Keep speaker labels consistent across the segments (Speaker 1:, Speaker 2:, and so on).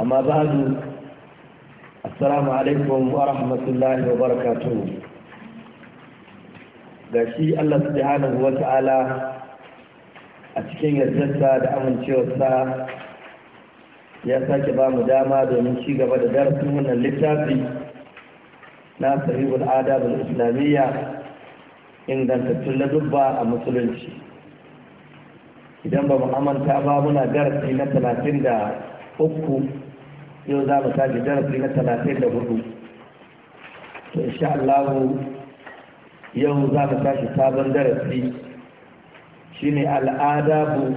Speaker 1: amma ba'du assalamu alaikum wa rahmatullahi wa barakatuh ga shi Allah subhanahu wa ta'ala a cikin yardarsa da amincewarsa ya sake ba mu dama domin ci gaba da darasin wannan littafi na sahihul adab islamiyya ingantattun ladubba a musulunci idan ba mu ba muna darasi na talatin da uku yau za mu tashi darasi na talatin da hudu to insha Allah yau za mu tashi sabon darasi shine al'adabu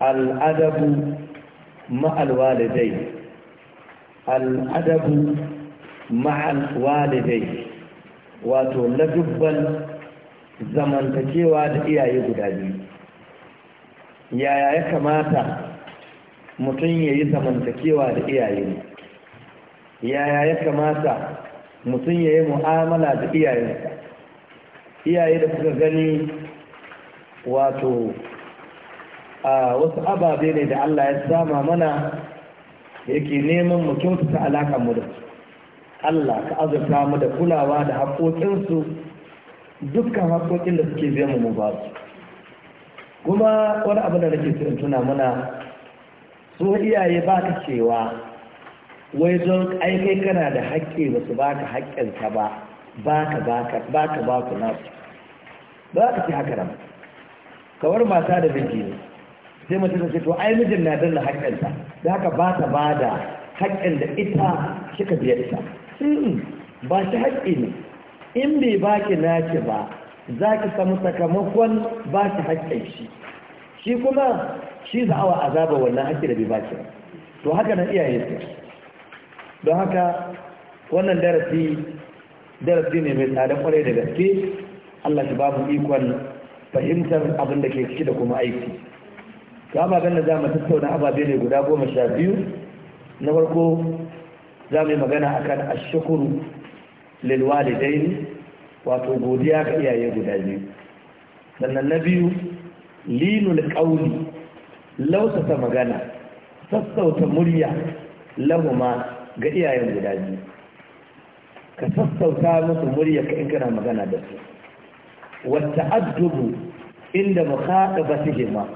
Speaker 1: al'adabu ma'al walidai al'adabu ma'al walidai wato dubban zamantakewa da iyaye guda biyu yaya ya kamata mutum ya yi zamantakewa da iyaye yaya ya kamata mutum ya yi mu'amala da iyayensa iyaye da kuka gani wato a wasu ababe ne da Allah ya sama mana yake neman mu kyautata alaƙa mu da su Allah ka azurta mu da kulawa da haƙoƙinsu dukkan haƙoƙin da suke zai mu ba su kuma wani abu da nake so tuna mana su iyaye ba ka cewa wai don aikai kana da haƙƙi ba su ba ka haƙƙinka ba ba ka ba ka ba ku nasu ba ka ce haka nan kawar mata da miji ne sai mace ta ce to ai mijin na danna haƙƙinta da haka ba ta ba da haƙƙin da ita kika biya ita hmm, ba shi haƙƙi ne in bai baki naci ba za ki samu sakamakon ba shi haƙƙin shi shi kuma shi za'awa azaba wannan haƙƙi da bai to haka nan iyaye su don haka wannan darasi darasi ne mai tsada kwarai da gaske Allah shi babu ikon fahimtar abin da ke ciki da kuma aiki to ababen da za mu tattauna ababe ne guda goma sha biyu na farko za mu yi magana akan ashukuru lil wato godiya ga iyaye guda biyu sannan na biyu linul ƙauli lausata magana sassauta murya lahuma ga iyayen guda biyu ka sassauta musu murya ka in kana magana da su wata addubu inda makaɗa ba su hima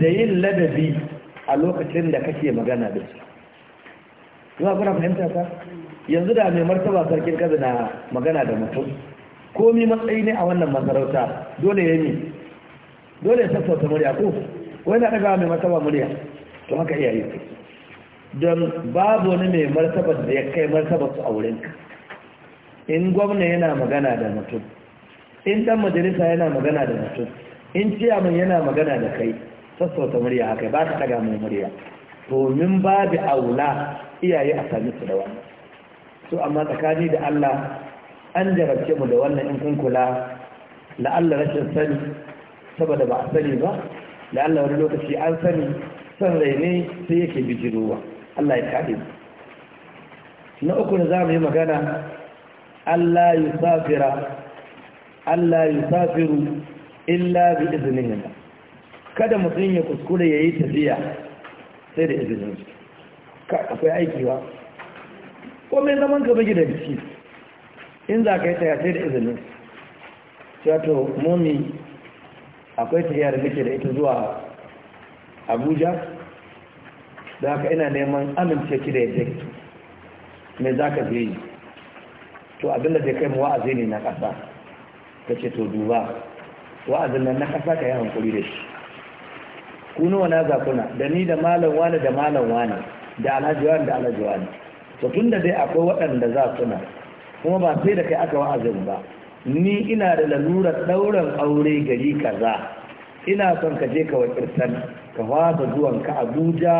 Speaker 1: da yin ladabi a lokacin da kake magana da su zuwa kuna fahimta ka yanzu da mai martaba sarkin kaza na magana da mutum komi matsayi ne a wannan masarauta dole ya dole ya sassauta murya ko wai na ɗaga mai martaba murya to haka yi ku don babu wani mai martaba da ya kai martaba su wurinka in gwamna yana magana da mutum in dan majalisa yana magana da mutum in ciyaman yana magana da kai sassauta murya haka ba ka ɗaga mai murya domin babu aula iyaye a sami su da wannan su amma tsakani da Allah an jarabce mu da wannan in kun kula la'alla rashin sani saboda ba a sani ba da Allah wani lokaci an sani son rai ne sai yake bijiruwa Allah ya kare na uku da za mu yi magana Allah yi safira Allah yi safiru illa bi izinin kada mutum ya kuskure ya yi tafiya sai da izinin ka akwai aiki ko mai zaman ka bugi da biki in za ka yi taya sai da izinin wato momi akwai tafiya da muke da ita zuwa abuja da haka ina neman amince ki da ya ki me za ka je to abinda zai kai mu wa'azi ne na ƙasa ta ce to duba wa'azin nan na ƙasa ka yi hankuli da shi ku nawa na zakuna da ni da malam wani da malam wani da alhaji wani da alhaji wani to tun da dai akwai waɗanda za suna kuma ba sai da kai aka wa'azin ba ni ina da lalurar ɗauran aure gari kaza ina son ka je ka wakiltan ka fada zuwan ka abuja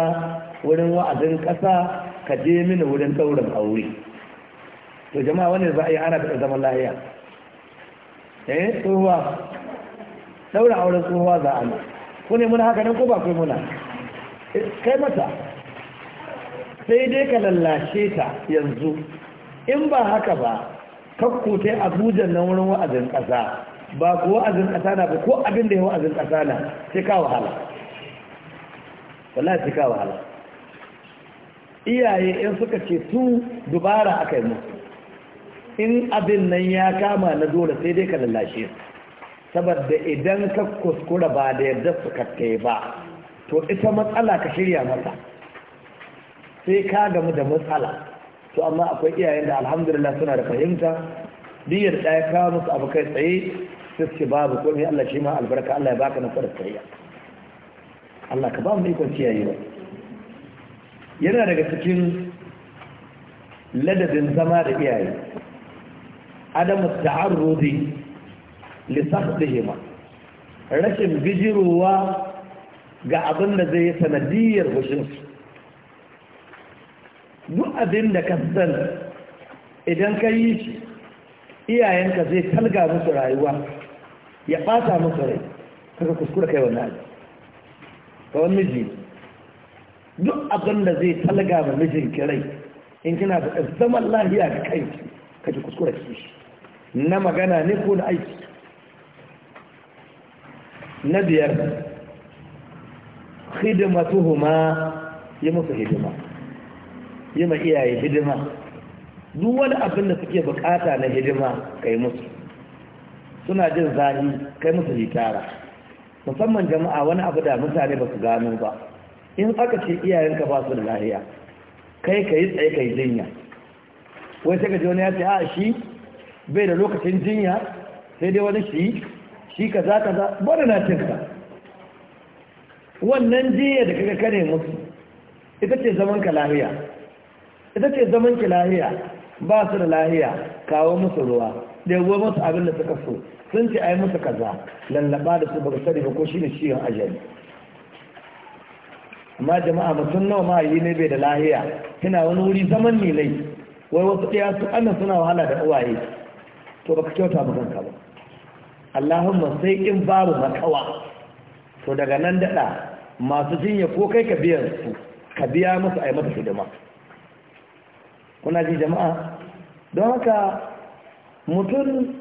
Speaker 1: wurin wa'azin ƙasa ka je mini wurin ɗaurin aure to jama'a wani za a yi ana da zaman lahiya eh tsohuwa ɗaurin auren tsohuwa za a nan ko ne muna haka nan ko ba kai muna eh, kai mata sai dai ka lallashe ta yanzu in ba haka ba kakko yi abuja na wurin wa'azin ƙasa ba ku wa'azin ƙasa na ba ko abin da ya wa'azin ƙasa na sai wahala wallahi sai wahala iyaye in suka ce tun dubara aka yi musu in abin nan ya kama na dole sai dai ka lallashe saboda idan ka kuskura ba da yadda su kakkai ba to ita matsala ka shirya mata sai ka gamu da matsala to amma akwai iyayen da alhamdulillah suna da fahimta diyar ɗaya kawo musu abu kai tsaye sai ce babu komai Allah shi ma albarka Allah ya baka nasarar tsariya Allah ka ba mu ikon kiyayewa yana daga cikin ladabin zama da iyaye adam ta'arrudi li sahdihima rashin bijirowa ga abin da zai sanadiyar hushinsu duk abin da ka idan ka yi shi iyayenka zai talga musu rayuwa ya ɓata musu rai kaka kuskura kai wani abu ka wani miji duk abin da zai talga ma mijin kirai in kina da zama lahiya ga kai ka kuskura ki shi na magana ne ko na aiki na biyar tuhuma yi musu hidima yi ma iyaye hidima duk wani abin da suke bukata na hidima kai musu suna jin zahi kai musu hitara musamman jama'a wani abu da mutane ba su gano ba in aka ce iyayenka ba su da lahiya kai ka yi tsaye ka yi jinya wai sai ka ji wani ya ce a shi bai da lokacin jinya sai dai wani shi shi ka za ka za bari na cinka wannan jinya da kaka kane musu ita ce zaman ka lahiya ita ce zaman ki lahiya ba su da lahiya kawo musu ruwa da ɗebo musu abin da suka so sun ce yi musu kaza lallaba da su baka sani ba ko shi ne shiyan ajali amma jama'a mutum nawa ma yi ne bai da lahiya yana wani wuri zaman ne lai wai wasu ɗaya su ana suna wahala da uwaye to baka kyauta ba kanka ba Allahumma sai in babu makawa to daga nan daɗa masu jinya ko kai ka biyan su ka biya musu a yi masa hidima kuna ji jama'a don haka mutum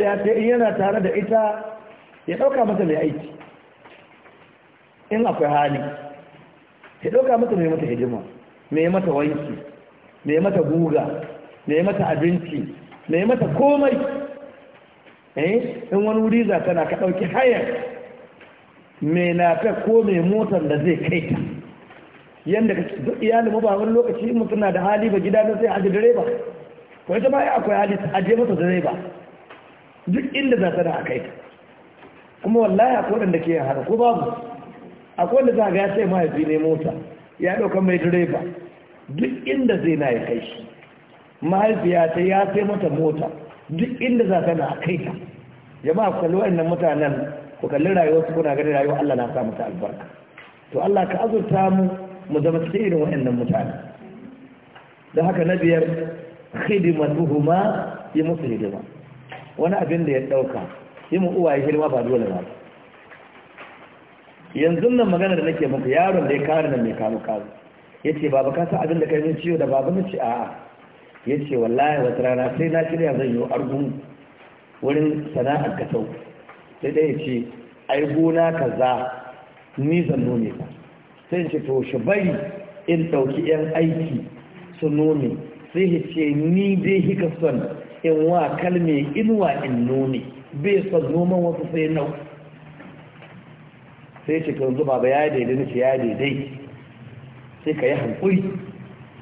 Speaker 1: ya ce yana tare da ita ya ɗauka mata mai aiki in akwai hali ya ɗauka mata mai mata hidima mai mata wanki mai mata guga mai mata abinci mai mata komai eh, in wani wuri za tana ka ɗauki hayar mai nafe ko mai motar da zai kai ta yadda ka duk iyali ba wani lokaci mutum na da hali ba gida sai dare direba ko ita ma akwai hali masa dare direba duk inda za ta da akai kuma wallahi akwai da ke yin haka ko babu akwai wanda za ga ya sai mahaifi ne mota ya dauka mai direba duk inda zai na ya kai shi mahaifiya ta ya sai mata mota duk inda za ta na kai ta jama'a ku kalli wa'annan mutanen ku kalli rayuwarsu kuna ganin rayuwar Allah na sa mata albarka to Allah ka azurta mu mu zama cikin irin waɗannan mutane Da haka na biyar khidimatuhuma yi musu hidima wani abin da ya ɗauka yi mu uwaye hidima ba dole ba yanzu nan magana da nake muku yaron da ya kare nan mai kamu kamu ya ce baba ka san abin da kai min ciwo da baba na ce a'a ya ce wallahi wata rana sai na shirya zan yi argun wurin sana'ar kasau sai ɗaya ce ai gona kaza ni zan nome ka sai ce to shi bari in ɗauki 'yan aiki su nome sai ya ce ni dai hika son in wa kalme inuwa in nome bai son noman wasu sai nau sai ce kan zuba ba ya daidai na ce ya daidai sai ka yi hankuri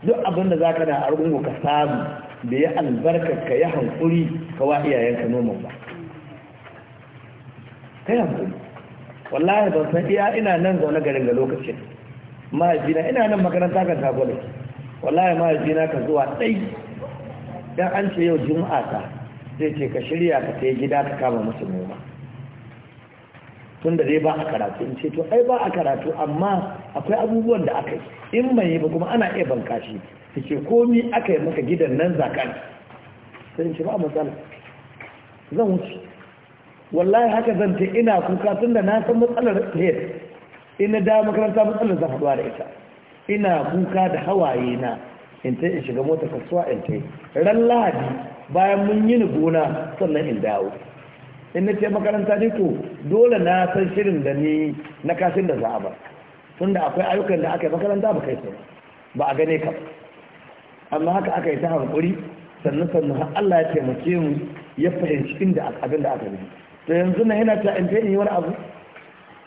Speaker 1: duk abin da za ka na a rungu ka samu da ya albarka ka yi hankuri ka wa iyayenka noman ba ka yi hankuri wallahi ban san iya ina nan zaune garin ga lokacin mahaifina ina nan makaranta kan tagola wallahi mahaifina ka zuwa ɗai dan an ce yau juma'a ta zai ce ka shirya ka kai gida ka kama musu noma tun da dai ba a karatu in ce to ai ba a karatu amma akwai abubuwan da aka yi in mai yi ba kuma ana iya banka shi ta ce komi aka yi maka gidan nan zakan sai ce ba matsala zan wuce wallahi haka zan ta ina kuka tun da na san matsalar head Ina na dawo makaranta matsalar zafi haɗuwa da ita ina kuka da hawaye na in ta in shiga mota kasuwa in ta ran lahadi bayan mun yi ni gona sannan in dawo in na ce makaranta ne to dole na san shirin da ni na kashin da za a ba tun da akwai ayyukan da aka yi makaranta ba kai ba a gane ka amma haka aka yi ta hankuri sannan sannan har Allah ya taimake mu ya fahimci inda abin da aka yi to yanzu na yana ta in ta yi wani abu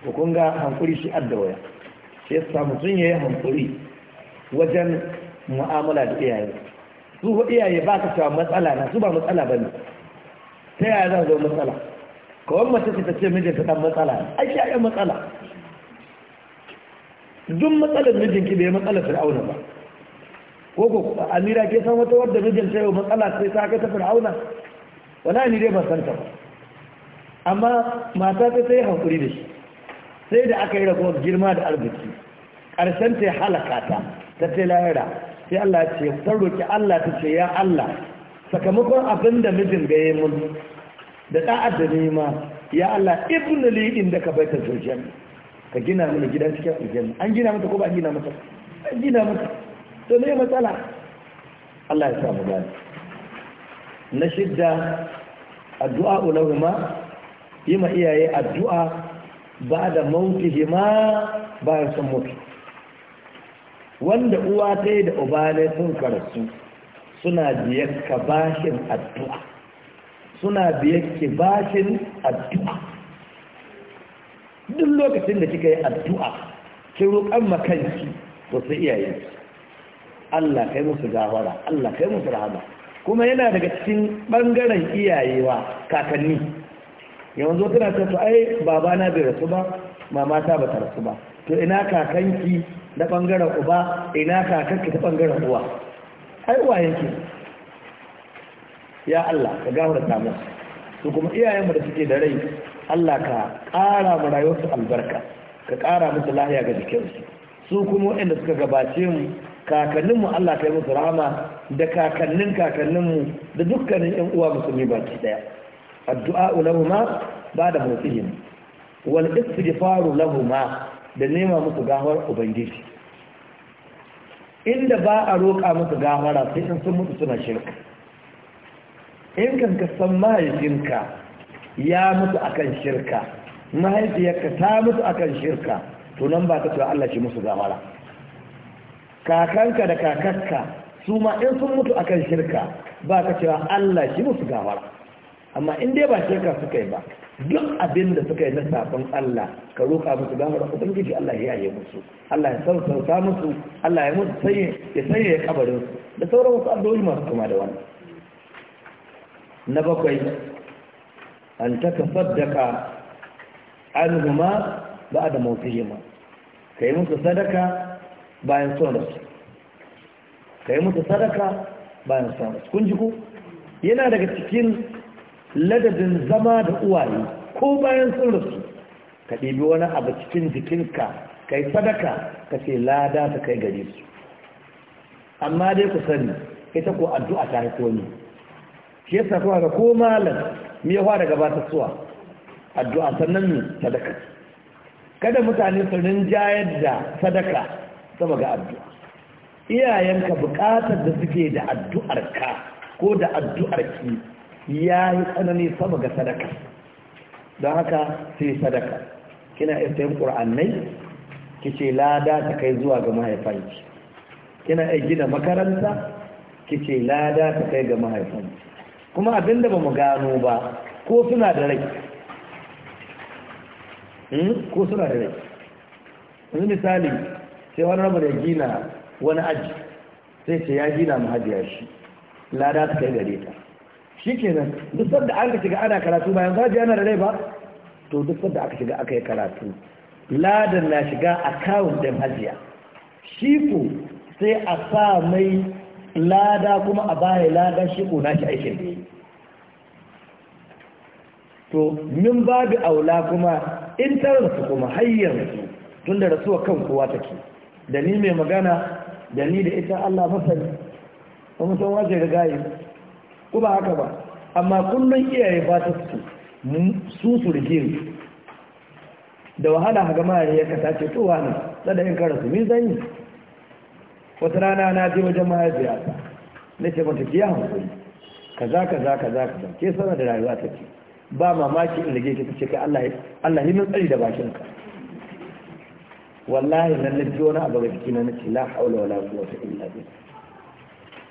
Speaker 1: ko kun ga hankuri shi adda waya shi ya samu sun yi hankuri wajen mu'amala da iyaye su ko iyaye ba ka cewa matsala na su ba matsala ba ne ta yaya za zo matsala kawai mace ta ce mijinta dan matsala ai shi ayyan matsala duk matsalar mijinki bai matsalar fir'auna ba ko ko amira ke san wata wadda mijinta yau matsala sai ta kai ta fir'auna wala ni dai ban san ta ba amma mata ta sai hankuri da shi sai da aka yi raguwar girma da arziki ƙarshen ta halaka ta ta ce lahira sai Allah ce ta roƙi Allah ta ce ya Allah sakamakon abin da mijin ga yi mun da ɗa'ad da nema ya Allah ibn li da ka baita sojan ka gina mana gidan cikin aljanna an gina mata ko ba gina mata an gina mata to me matsala Allah ya sa mu gani na shidda addu'a ulama yi ma iyaye addu'a ba da mautihi ma bayan sun mutu wanda uwa ta yi da uba sun karatu suna biyar ka bashin addu'a suna biyar ki bashin addu'a duk lokacin da kika yi addu'a ki ma makanki to su iyaye Allah kai musu gawara Allah kai musu rahama kuma yana daga cikin ɓangaren iyayewa kakanni yanzu kana ta to ai babana bai rasu ba mamata ba ta rasu ba to ina kakanki na bangaren uba ina kakanki ta bangaren uwa ai uwayenki ya Allah ka ta mu to kuma iyayenmu da suke da rai Allah ka ƙara mu rayuwarsu albarka ka ƙara musu lahiya ga jikinsu su kuma waɗanda suka gabace mu kakanninmu Allah ka yi musu rahama da kakannin mu da dukkanin 'yan uwa musulmi baki ɗaya addu'a lahuma ba da motsin wal istighfaru lahuma da nema musu gawar ubangiji inda ba a roƙa musu gawara sai in sun mutu suna shirka in kan ka san mahaifinka ya mutu akan shirka mahaifiyarka ta mutu akan shirka to nan ba ka cewa Allah shi musu gawara kakanka da kakakka su ma in sun mutu akan shirka ba ka cewa Allah shi musu gawara. amma in dai ba shirka suka yi ba duk abin da suka yi na sabon Allah ka roƙa musu gamar ubangiji Allah ya yi musu Allah ya sautauta musu Allah ya musu sanye ya sanye ya kabarin da sauran wasu addu'o'i masu kuma da wannan na bakwai an ta da anhuma ba'da Ka kai musu sadaka bayan son rasu kai musu sadaka bayan son rasu kun ji ku yana daga cikin Ladadin zama da uwaye ko bayan sun rasu ka ɗebi wani abu cikin jikinka ka yi sadaka ka ce lada ta kai gare su amma dai ku sani ita ko addu'a ta haifo ne shi yasa kuma ga ko malam me ya fara ta suwa addu'a sannan ne sadaka kada mutane su rinjayar da sadaka sama ga addu'a iyayenka buƙatar da suke da addu'arka ko da addu'arki ya yi tsanani sama ga sadaka don haka sai sadaka kina iya sayan ƙur'annai ki ce lada ta kai zuwa ga mahaifanki kina iya gina makaranta ki ce lada ta kai ga mahaifanki kuma abinda ba mu gano ba ko suna da rai hmm? ko suna da rai wani misali sai wani rabu da gina wani aji sai ce ya gina mahajiya shi lada ta kai gare ta Shikenan duk sanda an ka shiga ana karatu bayan zaji yana da rai ba to duk sanda aka shiga aka yi karatu ladan na shiga akawun ɗin hajiya shi ko sai a sa mai lada kuma a baya lada shi ko na shi aikin da to min babu aula kuma in ta rasu kuma hayyar su tun da rasuwa kan kowa take da ni mai magana da ni da ita Allah masani kuma sun wace ga gayi ko ba haka ba amma kullum iyaye ba ta su su rike da wahala ga mara ya kasa ce to wani tsada in karasu min zan yi wata rana na je wajen mahaifiyata na ce mata kiya hankali kaza kaza kaza kaza ke sana da rayuwa ta ce ba mamaki in rage ki ta ce kai Allah yi min tsari da bakinka wallahi nan na ji wani abu ga jikina na ce la haula wala quwwata illa billah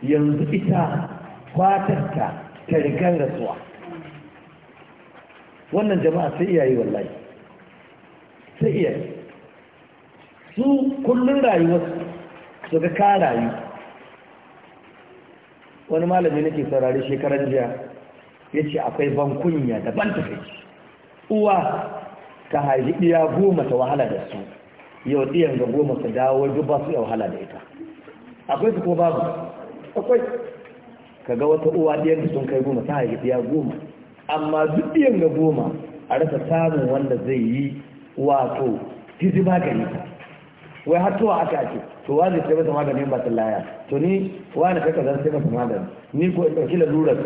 Speaker 1: yanzu ita fatarka ta rigar rasuwa wannan jama'a sai iyaye wallahi sai iyaye su kullum rayuwarsu su ga ka rayu wani malami nake saurari shekarar jiya ya ce akwai bankunya daban ta kai uwa ta haifi ɗiya goma ta wahala da su yau ɗiyan ga goma ta dawo duk ba su wahala da ita akwai su ko babu akwai kaga wata uwa da sun kai goma ta haifi ɗiya goma amma duk ɗiyan ga goma a rasa samun wanda zai yi wato fizi magani ta wai har tuwa aka ake to wa zai masa magani ba ta laya to ni wa na kaka zan sai masa magani ni ko in ɗauki lalurar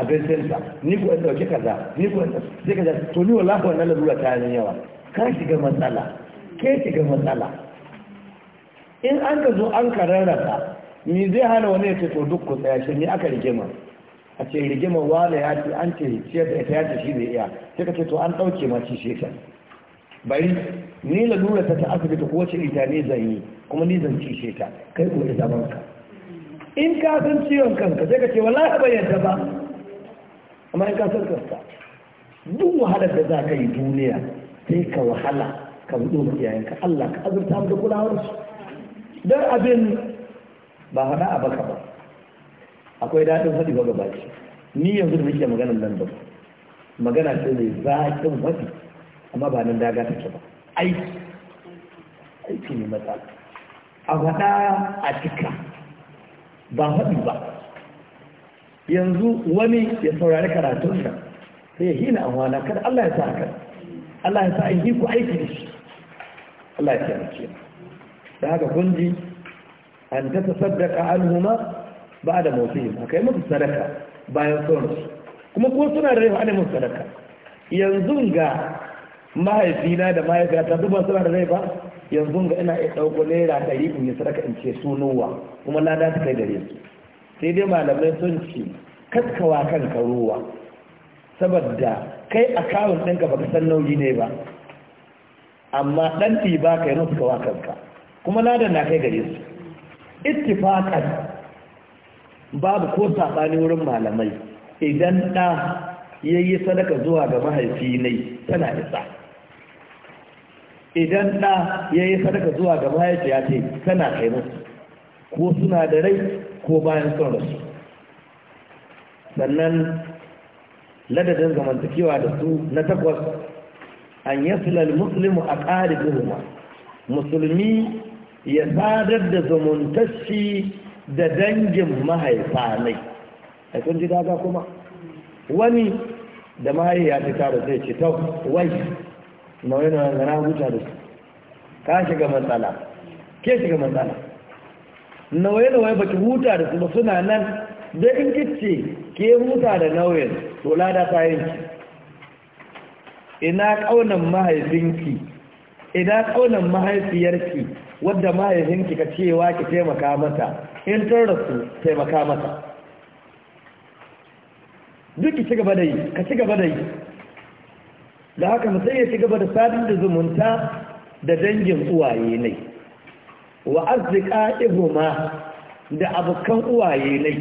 Speaker 1: abincinsa ni ko in ɗauki kaza ni ko in sai kaza to ni wallahi wannan lalura ta yi yawa ka shiga matsala ke shiga matsala in an ka zo an ka ni zai hana wani ya ce to duk ku tsaya shi ni aka rigima a ce rigima wala ya ce an ce ciyar da ita ya ce shi zai iya sai ka ce to an ɗauke ma ci shekar bari ni lura ta ta asibiti ko wace ita ne zan yi kuma ni zan ci shekar kai ko ita ka in ka san ciwon kanka sai ka ce wala ka yadda ba amma in ka san kanka duk wahalar da za ka yi duniya sai ka wahala ka buɗe ma iyayenka Allah ka azurta mu da kulawarsu don abin ba hana a baka ba akwai daɗin faɗi ba gaba ce ni yanzu da muke maganar nan ba magana ce mai zaƙin faɗi amma ba nan daga take ba aiki aiki ne matsala a faɗa a cika ba faɗi ba yanzu wani ya saurari karatun sai ya hina amwana kada Allah ya sa haka Allah ya sa in yi ku aiki da shi Allah ya sa da haka kun ji an ta tasaddaka anhuma ba'da A akai musu sadaka bayan sauransu kuma ko suna da rai ana musu sadaka yanzu ga mahaifina da mahaifiyata ta zuba suna da rai yanzu ga ina iya ɗauko naira ɗari in yi sadaka in ce sunuwa kuma lada ta kai gare su sai dai malamai sun ci kaskawa kanka ruwa saboda kai akawun ɗinka baka san nauyi ne ba amma ɗan ba ka yi musu kawa kanka kuma ladan na kai gare su ittifaqan babu ko sabani wurin malamai idan da yayi sadaka zuwa ga mahaifi ne tana isa idan da yayi sadaka zuwa ga mahaifi ya ce tana kai musu ko suna da rai ko bayan son rasu sannan ladadin zamantakewa da su na takwas an yasila muslimu a musulmi ya sadar da zumuntashi da dangin mahaifa mai a kun ji daga kuma wani da mahaifiya ta tara zai ce ta wai na wani na gana huta da su ka shiga matsala ke shiga matsala na wai na wani baki huta da su ba suna nan da in kice ke huta da nauyin to lada ta ki ina kaunan mahaifinki ina kaunan mahaifiyarki wadda mahaifinki ka cewa ki taimaka mata in da su taimaka mata duk ki ci gaba da yi ka ci gaba da yi da haka mutum ya ci gaba da sadin da zumunta da dangin uwaye ne wa arzika ihuma da abokan uwaye ne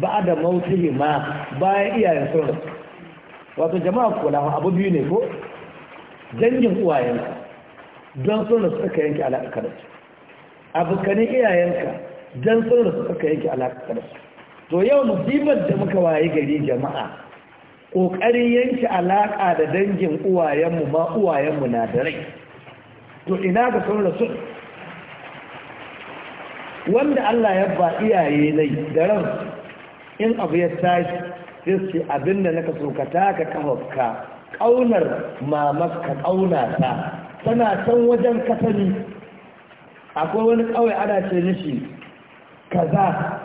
Speaker 1: ba da mautihi ma bayan iyayen sauransu wato jama'a kula abu biyu ne ko dangin uwayensu don suna su suka yanke alaƙa da su abokanin iyayenka don suna su suka yanke alaƙa da su to yau musibar da muka waye gari jama'a ƙoƙarin yanke alaƙa da dangin uwayenmu ma uwayenmu na da rai to ina ga sun rasu wanda Allah ya ba iyaye nai da ran in abu ya tashi sai su abinda naka so ka taka kafafka kaunar mamak ka kauna ta tana san wajen kasani akwai wani kawai ana ce ka za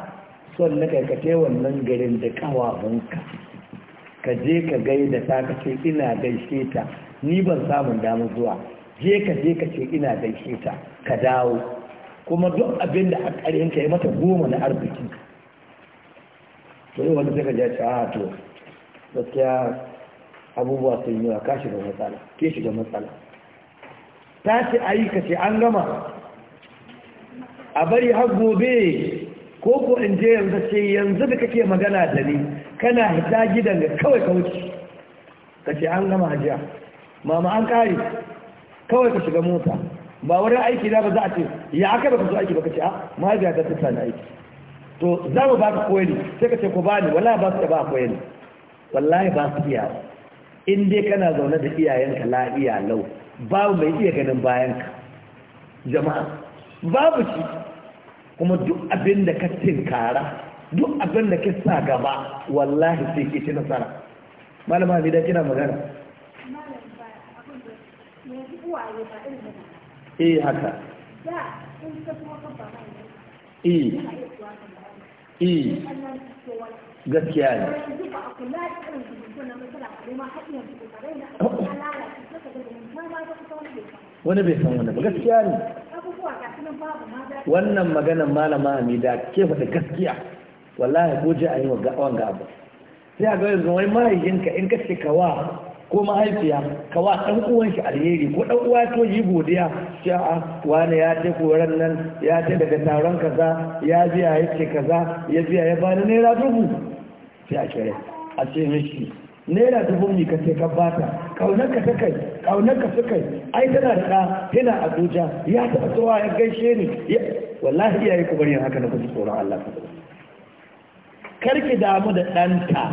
Speaker 1: son na karkace wannan garin da kawabanka ka je ka gai da ta ka ce ina gaishe ta ni ban samun damu zuwa je ka je ka ce ina gaishe ta ka dawo kuma duk abin da a ƙarin ka yi mata goma na arziki to yi wani zaka jace a to gaskiya abubuwa sun yi wa kashi da matsala ke shiga matsala tashi a yi an gama a bari har gobe ko ko in je yanzu ce yanzu da kake magana da ni kana hita gidan ga kawai ka wuce kace an gama hajiya mama an kare kawai ka shiga mota ba wurin aiki na ba za a ce ya aka baka zo aiki ba ka ce a ah, mahajiya ta tsaya na aiki to za mu baka koyani sai ka ce ku bani wala ba su ba koyani wallahi ba su iya in dai kana zaune da iyayenka lafiya lau babu mai iya ganin bayanka jama'a babu shi kuma duk abin da ka tinkara duk abin da ka sa gaba wallahi sai ke ci nasara malama da kina magana
Speaker 2: eh haka eh eh gaskiya ne wani bai san wani ba gaskiya ne wannan
Speaker 1: maganan malama da ke faɗi gaskiya wallahi ko je a yi wanga abu sai a ga yanzu wai mahaifinka in ka kawa ko mahaifiya kawa ɗan uwan shi alheri ko ɗan uwa to yi godiya shi a wani ya ce koran nan ya ce daga taron kaza ya biya ya ce kaza ya biya ya bani naira dubu sai a kere a ce mishi naira dubu ne ka ce ka bata kaunar ka ta kaunar ka sukai ai tana da ɗa yana abuja ya taɓa tsawa ya gaishe ni wallahi yi ku yin haka na kusa tsoron allah ka karki damu da ɗanta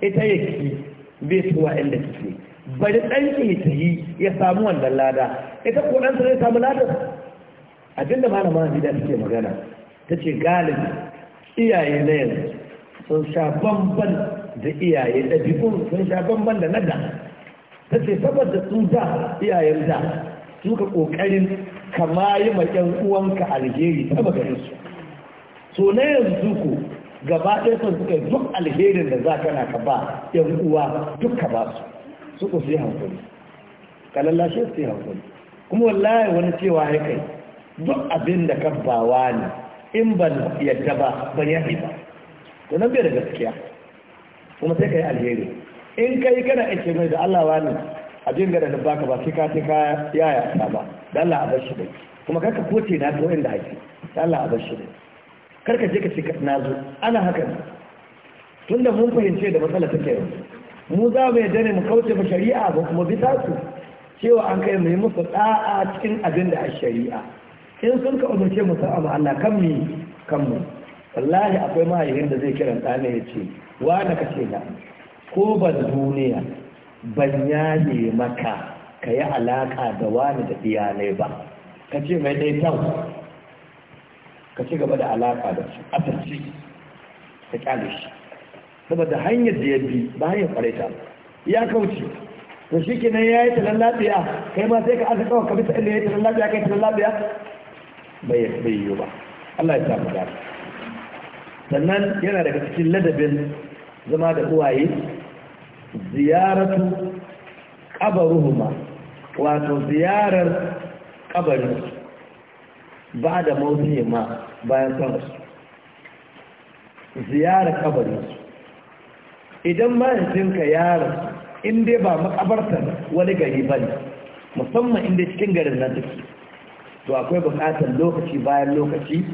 Speaker 1: ita ya ki bai tuwa inda kike bari ɗanki ta yi ya samu wannan lada ita ko ɗansa zai samu ladar abinda malama da suke magana ta ce galibi iyaye na yanzu sun sha bamban da iyaye ɗabi'un sun sha bamban da na da ta ce saboda su da iyayen da suka ƙoƙarin kama yi ma 'yan uwanka alheri ta maganin su so na yanzu ku gaba ɗaya sun suka duk alherin da za kana ka ba 'yan uwa duk ka ba su su ku sai hankali ka lallashe su yi hankali kuma wallahi wani cewa ya kai duk abin da ka bawa ne in ban yadda ba ban yadda ba to nan bai da gaskiya kuma sai ka yi alheri in kai kana ake mai da Allah wani a gada da baka ba sai ka sai ka yaya ta ba da Allah a bar shi dai kuma ko ce na to inda ake da Allah a bar shi dai karka je ka ce na zo ana haka tunda mun fahimce da matsala take yau mu za mu yadda ne mu kauce ma shari'a ba kuma bisa su cewa an kai mai musu da'a cikin abin da a shari'a in sun ka umarce mu sa'a Allah kan mi kan mu wallahi akwai mahaifin da zai kiran ɗane ya ce wanda ka ce ko ban duniya ban yaye maka ka yi alaƙa da wani da iyalai ba ka ce mai ɗaitan ka ci gaba da alaƙa da su asirci ta ƙyale shi saboda hanyar da ya bi ba hanyar ƙwareta ya kauce to shi ke nan ya yi talan lafiya kai ma sai ka aka kawai ka bisa inda ya yi talan lafiya kai talan lafiya bai yi ba Allah ya samu dafi sannan yana daga cikin ladabin zama da uwaye ziyaratu ƙabaruhuma wato ziyarar kabari ba da mautuhe ma bayan sanarsu ziyarar kabari, idan ka yaron in dai ba makabartar wani gari ba ne musamman inda cikin garin nan take to akwai buƙatar lokaci bayan lokaci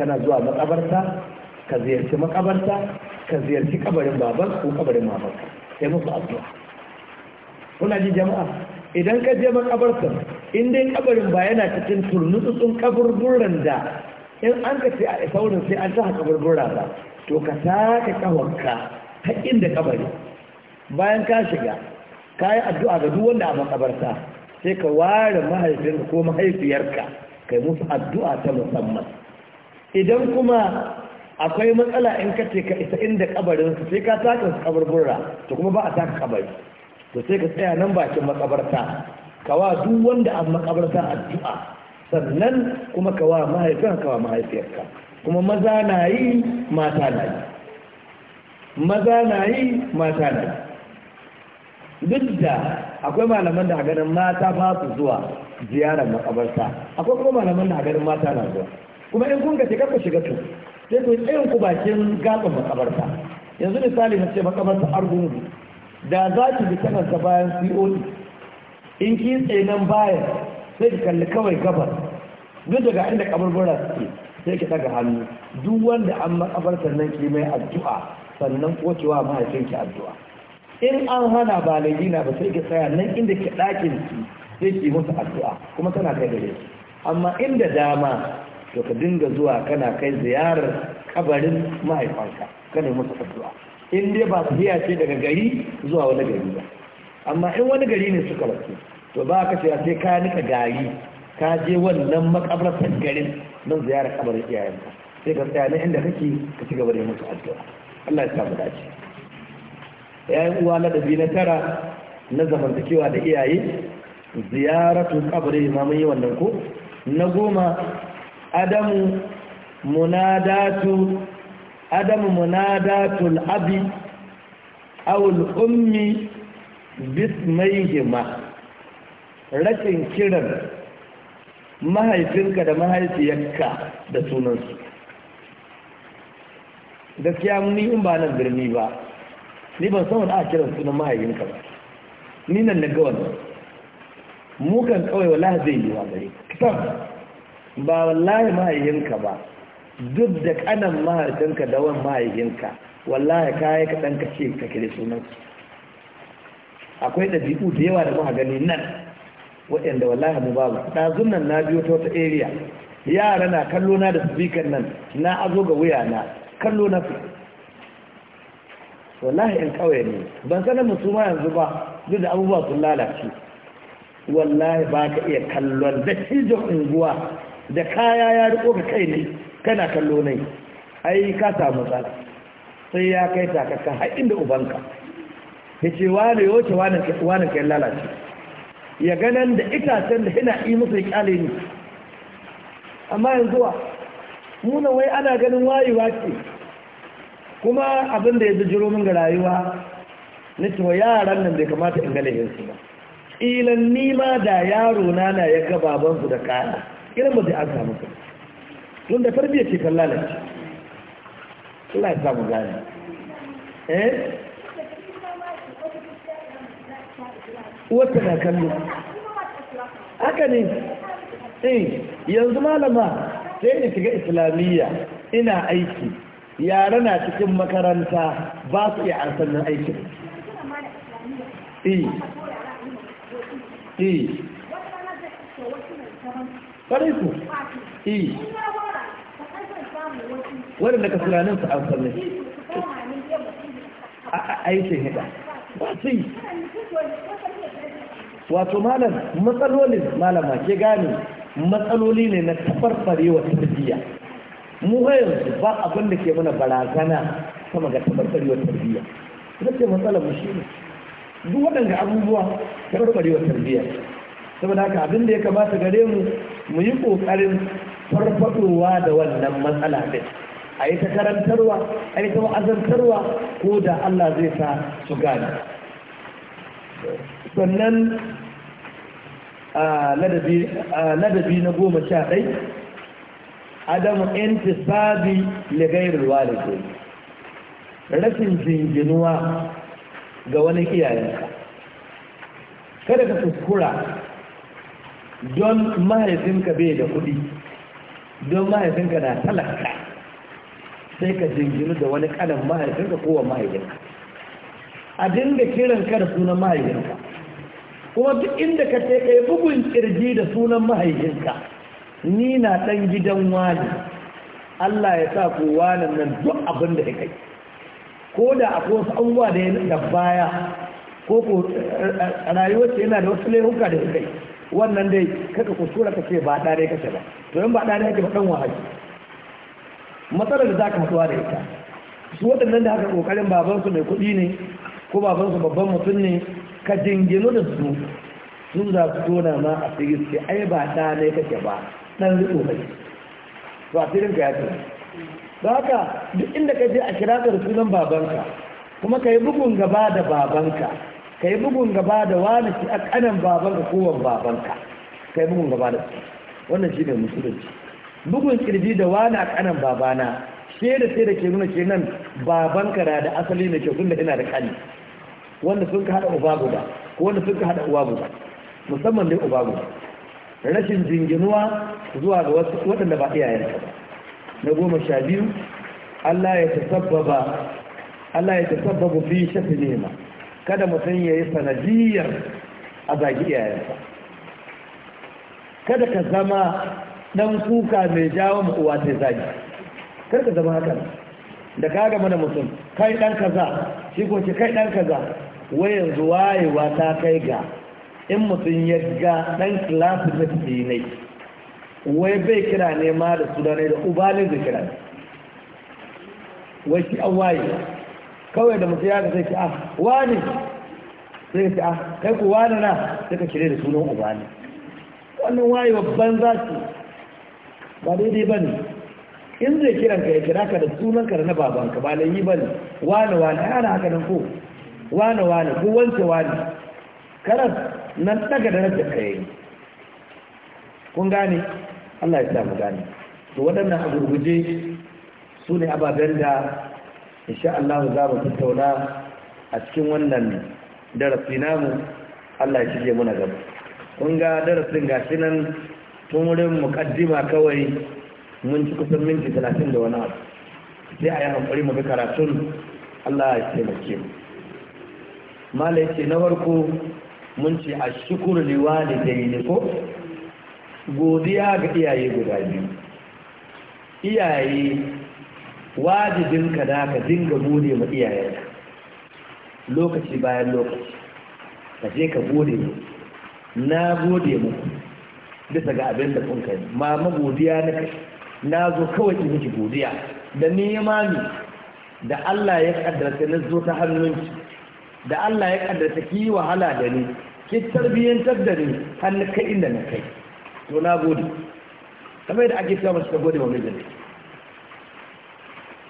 Speaker 1: kana zuwa makabarta ka ziyarci makabarta ka ziyarci kabarin baban ko kabarin mamanka sai musu addu'a kuna ji jama'a idan ka je makabartar in dai kabarin ba yana cikin turnutsutsun kaburburan da in an ka ce a saurin sai an taha kaburbura ba to ka sake kawanka ta inda kabari bayan ka shiga ka yi addu'a ga duk wanda a makabarta sai ka ware mahaifinka ko mahaifiyarka kai musu addu'a ta musamman idan kuma akwai matsala in ka ce ka isa inda kabarin su sai ka taka su burra to kuma ba a taka kabari to sai ka tsaya nan bakin makabarta wa duk wanda a makabarta addu'a sannan kuma wa mahaifin kawa mahaifiyarka kuma maza na yi mata na yi maza na yi mata na yi duk da akwai malaman da a ganin mata ba su zuwa ziyarar makabarta akwai kuma malaman da a ganin mata na zuwa kuma in kun gace kakka shiga to sai ku tsayin ku bakin gaban makabarta yanzu misali na ce makabarta argungu da za ki bi kanarsa bayan coe in ki tsaye nan bayan sai ki kalli kawai gabar duk daga inda kaburbura suke sai ki daga hannu duk wanda an makabartar nan ki mai addu'a sannan kocewa ki addu'a in an hana balagi na ba sai ki tsaya nan inda ki ɗakin ki sai ki musu addu'a kuma tana kai gare amma inda dama to ka dinga zuwa kana kai ziyarar kabarin mahaifanka kana musu addu'a in dai ba tafiya ce daga gari zuwa wani gari ba amma in wani gari ne suka rasu to ba ka cewa sai ka nika gari ka je wannan makabartar garin nan ziyarar kabarin iyayenka sai ka tsaya na inda kake ka ci gaba da musu addu'a Allah ya samu dace yayin uwa na dabi na tara na zamantakewa da iyaye ziyaratu kabari ma yi wannan ko na goma adamu munadatu adamu munadatu al-abi aw al-ummi bismayhima rashin kiran mahaifinka da mahaifiyarka da sunansu gaskiya ni in ba nan birni ba ni ban san wani a kiran sunan mahaifinka ba ni nan na ga wannan mu kan kawai wala zai yi wa gare ka ba wallahi mahaifinka ba duk da kanan mahaifinka da wani mahaifinka wallahi kayi ka ɗan kace ka kiri sunansu. akwai ɗabi'u da yawa da kuma gani nan waɗanda wallahi mu babu ɗazun nan na biyo ta wata area yara na kallo na da speaker nan na azo ga wuya na kallo na wallahi in kawai ne ban sanar musu ma yanzu ba duk da abubuwa sun lalace wallahi ba ka iya kallon da cijin unguwa da kaya ya riko ka kai ne kana kallo ne ai ka samu tsala. sai ya kai takaka, har inda ubanka ya ce wane ya wuce wane kai lalace ya ganan da itacen da ina yi musu kyale ne. amma yanzu wa muna wai ana ganin wayewa ce kuma abin da ya jiro min ga rayuwa na cewa yaran nan bai kamata in gane yansu ba ilan nima da yaro na na ya ga babansu da kaya irin ba zai an samu kai don da tarbiyyar ce kan lalace
Speaker 2: Allah ya samu gane eh wata na kallo haka ne eh yanzu malama sai
Speaker 1: ni shiga islamiyya ina aiki yara na cikin makaranta ba su iya an sannan aikin
Speaker 2: eh eh ƙwarai ku yi e. waɗanda ka tunanin su an sannan a aikin hida ba su yi wato malam matsalolin
Speaker 1: malama ke gane matsaloli ne na tabarfarewa tarbiyya mu yanzu ba abin da ke mana barazana sama ga tabarfarewa tarbiyya ita ce matsalar mu shi ne duk waɗanda abubuwa tabarfarewa tarbiyya saboda haka abin da ya kamata gare mu mu yi ƙoƙarin farfadowa da wannan matsala ɗin a yi ta karantarwa a yi ta wa'azantarwa ko da Allah zai sa su gane sannan ladabi na goma sha ɗai adamu intisabi ligairin Walidu, rashin jinjinuwa ga wani iyayenka kada ka kuskura don mahaifinka bai da kuɗi don mahaifinka na talaka sai ka jinginu da wani kanan mahaifinka kowa mahaifinka a dinga kiran ka da sunan mahaifinka kuma duk inda ka ce kai bugun kirji da sunan mahaifinka ni na ɗan gidan wani Allah ya sa ku wanan nan duk abin da ya kai ko da akwai wasu abubuwa da ya baya ko ko eh, eh, rayuwar yana da wasu laifuka da kai wannan dai kaka ku tura ce ba ɗa ne kace ba to in ba ɗa ne kake ba dan wahayi matsalar da za ka haɗuwa da ita su waɗannan da haka ƙoƙarin babansu mai kuɗi ne ko babansu babban mutum ne ka jingino da su su za su tona ma a cikin ce ai ba ɗa ne kake ba ɗan riƙo kai to asirin ka ya ce da haka duk inda ka je a kira ka da sunan babanka kuma ka yi bugun gaba da babanka ka yi bugun gaba da wani shi a kanan babanka kowan babanka ka yi bugun gaba da su wannan shi ne musulunci bugun kirji da wani a kanan babana shi da sai da ke nuna ke nan babanka na da asali ne ke kunda ina da kani wanda sun ka haɗa uba guda ko wanda sun ka haɗa uba guda musamman dai uba guda rashin jinginuwa zuwa ga wasu waɗanda ba iyayenka ba na goma sha biyu Allah ya tasabbaba Allah ya tasabba fi shafi nema kada mutum ya yi sanadiyar a zagi iyayensa kada ka zama dan kuka mai jawo mu uwa ta zagi kar ka zama haka da ka gama da mutum kai dan kaza shi ko ce kai dan kaza wai yanzu wayewa ta kai ga in mutum ya ga dan na ne wai bai kira nema ma da sudanai da uba ne zai kira wai shi an waye kawai da mutu ya ga sai ce ah wani sai ka ce ah kai ku wani na sai ka kire da sunan uba ne wannan waye babban zaci ba daidai ba ne in zai kiran ka ya kira ka da sunan ka da na babanka ba lai ba ne wani wani ana haka nan ko wani wani ko wance wani karas nan daga da nasa kai kun gane Allah ya sa mu gane to waɗannan a gurguje su ne ababen da insha Allah za mu tattauna a cikin wannan darasi namu Allah ya shige muna gaba kun ga darasin gashi nan tun wurin mukaddima kawai mun ci kusan minti talatin da wani abu sai a yi hankali mu bi karatun Allah ya taimake mu mala yace na farko mun ce a shukuru liwalidai ne ko godiya ga iyaye guda biyu iyaye wajibin ka da ka dinga gode ma iyayenka lokaci bayan lokaci ka je ka gode mu na gode mu bisa ga abin da kun kai ma magodiya na kai na zo kawai ki miki godiya da ni ya mami da Allah ya kaddara na zo ta hannunki da Allah ya kaddarta ki wahala da ni ki tarbiyyantar da ni har na kai inda na kai to na gode kamar yadda ake cewa su ka gode wa mijinta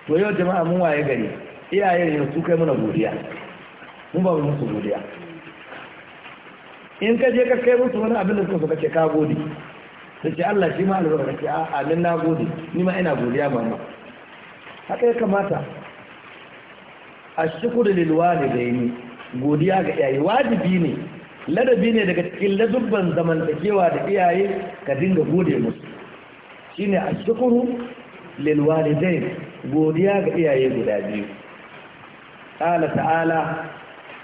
Speaker 1: to yau jama'a mun waye gari iyaye ne su kai muna godiya mun ba musu godiya in ka je ka kai musu wani abin da suka saka ka gode da ce Allah shi ma albarka ce a nan na gode ni ma ina godiya ba ma haka ya kamata a shukuru lil walidaini godiya ga iyaye wajibi ne ladabi ne daga cikin ladubban zamantakewa da iyaye ka dinga gode musu shine a shukuru lil walidaini godiya ga iyaye guda biyu ƙala ta'ala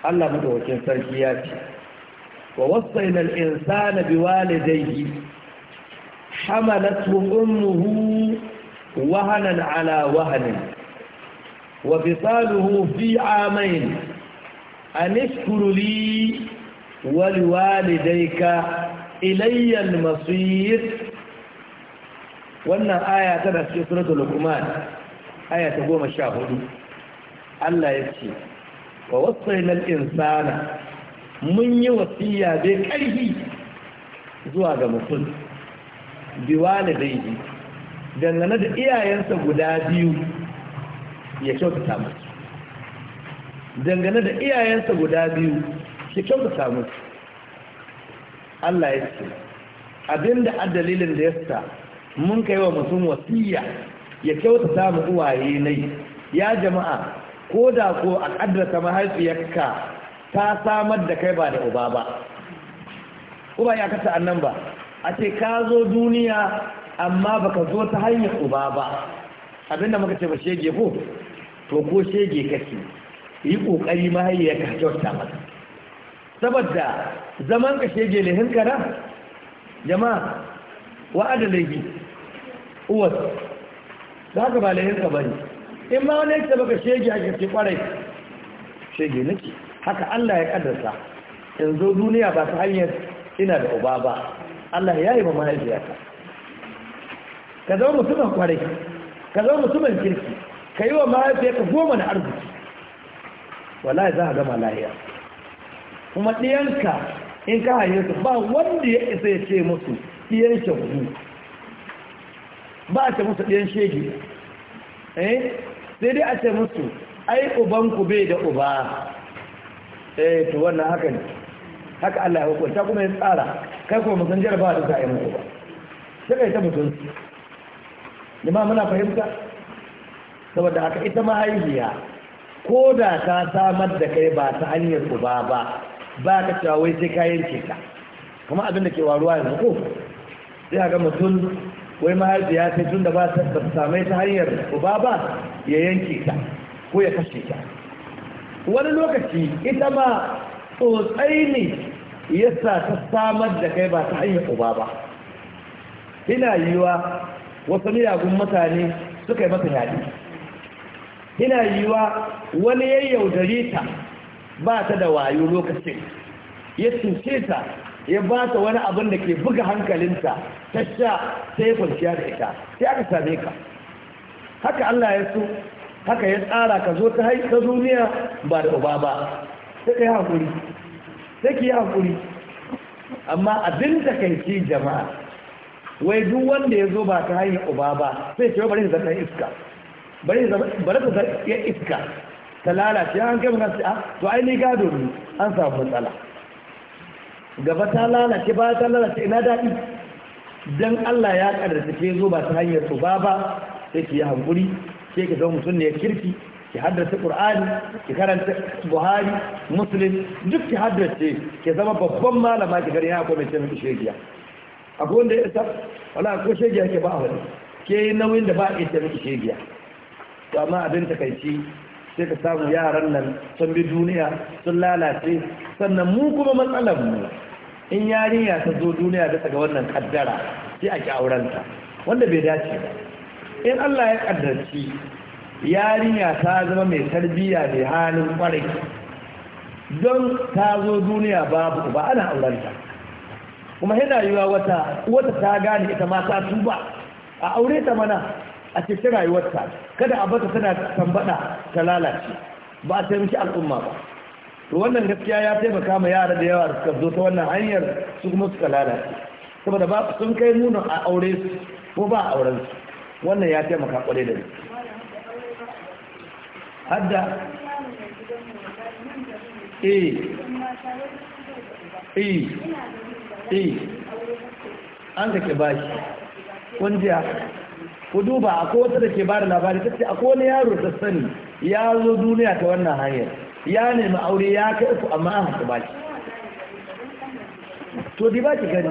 Speaker 1: Allah madawacin sarki ya ce wa wasaina al-insana walidayhi hamalathu ummuhu wahanan ala wahanin wa fisaluhu fi amain an ishkuru li wa liwalidayka ilayya al-masir wannan aya tana cikin suratul luqman aya ta goma sha hudu Allah ya ce wa wasainal insana mun yi wasiya bai ƙarfi zuwa ga mutum yi. dangane da iyayensa guda biyu ya kyautata musu dangane da iyayensa guda biyu ya kyautata musu Allah ya ce abinda a dalilin da ya sa mun kai wa mutum wasiya ya kyautata mu uwaye nai ya jama'a ko da ko a kaddarta mahaifiyarka ta samar da kai ba da uba ba uba ya kasa annan ba a ce ka zo duniya amma ba ka zo ta hanyar uba ba abinda muka ce ba shege ko to ko shege kake yi kokari mahaifiyarka ka mata saboda zaman ka shege ne kara jama'a wa'ada laifi za ka ba da ka in ma wani yake baka shege a kwarai shege nake haka Allah ya in zo duniya ba ta hanyar ina da uba ba Allah ya yi ba mahaifiyata ka zama mutumin kwarai ka zama mutumin kirki ka yi wa mahaifiyarka goma na arziki wallahi za a gama lahiya kuma ɗiyanka in ka hanyar su ba wanda ya isa ya ce musu ɗiyan shahudu ba a ce musu ɗiyan shege eh sai dai a ce musu ai ubanku bai da uba eh to wannan haka ne haka Allah ya hukunta kuma ya tsara kai kuma musan jarba da za a yi muku ba sai kai ta mutum jama muna fahimta saboda haka ita mahaifiya ko da ta samar da kai ba ta hanyar uba ba ba ka cewa wai sai kayan ce ta kuma abin da ke waruwa yanzu ko sai a ga mutum wai ya sai tun da ba ta samai ta hanyar uba ba ya yanke ta ko ya kashe ta wani lokaci ita ma tsotsai ne ya sa ta samar da kai ba ta hanyar uba ba ina yiwa wasu miyagun mutane suka yi mata yaɗi ina yiwa wani ya yaudare ta ba ta da wayo lokacin ya cuce ta ya ba ta wani abin da ke buga hankalinta ta sha sai kwanciya da ita sai aka same ka haka Allah ya so haka ya tsara ka zo ta haika duniya ba da uba ba sai ka yi hakuri sai ki yi hakuri amma abin da kai ci jama'a wai duk wanda ya zo ba ta hanyar uba ba sai ce bari ta yi iska bari ta yi iska ta lalace an kai mun a ah, to ai ni gado ni an samu matsala gaba ta lalace ba ta lalace ina daɗi dan Allah ya kadarta ke zo ba ta hanyar su ba ba sai ki yi hankuri sai ki zama mutum ne kirki ki haddace ƙur'ani ki karanta Buhari musulun duk ki haddace ki zama babban malama ki gari ya ko mai shegiya akwai wanda ya isa wala ko shegiya ke ba a wani ke nauyin da ba a iya taimaki shegiya to amma abin takaici sai ka samu yaran nan sun bi duniya sun lalace sannan mu kuma matsalar mu in yarinya ta zo duniya da ga wannan kaddara sai a ki aurenta wanda bai dace ba in Allah ya kaddarci yarinya ta zama mai tarbiyya mai halin kwarai don ta zo duniya babu ba ana aurenta kuma yana yiwa wata wata ta gane ita ma ta tuba a aure ta mana a cikin rayuwarta kada a bata tana tambada ta lalace ba a taimaki al'umma ba to wannan gaskiya ya taimaka ma yara da yawa da suka zo ta wannan hanyar su kuma suka lalace saboda ba sun kai nuna a aure su ko ba a auren su wannan ya taimaka kwarai da
Speaker 2: hadda eh eh eh an ka ke bashi
Speaker 1: ku duba akwai wata da ke ba da labari ta ce akwai wani yaro ta sani ya zo duniya ta wannan hanyar ya nemi aure ya kai uku amma an haka baki
Speaker 2: to di baki gani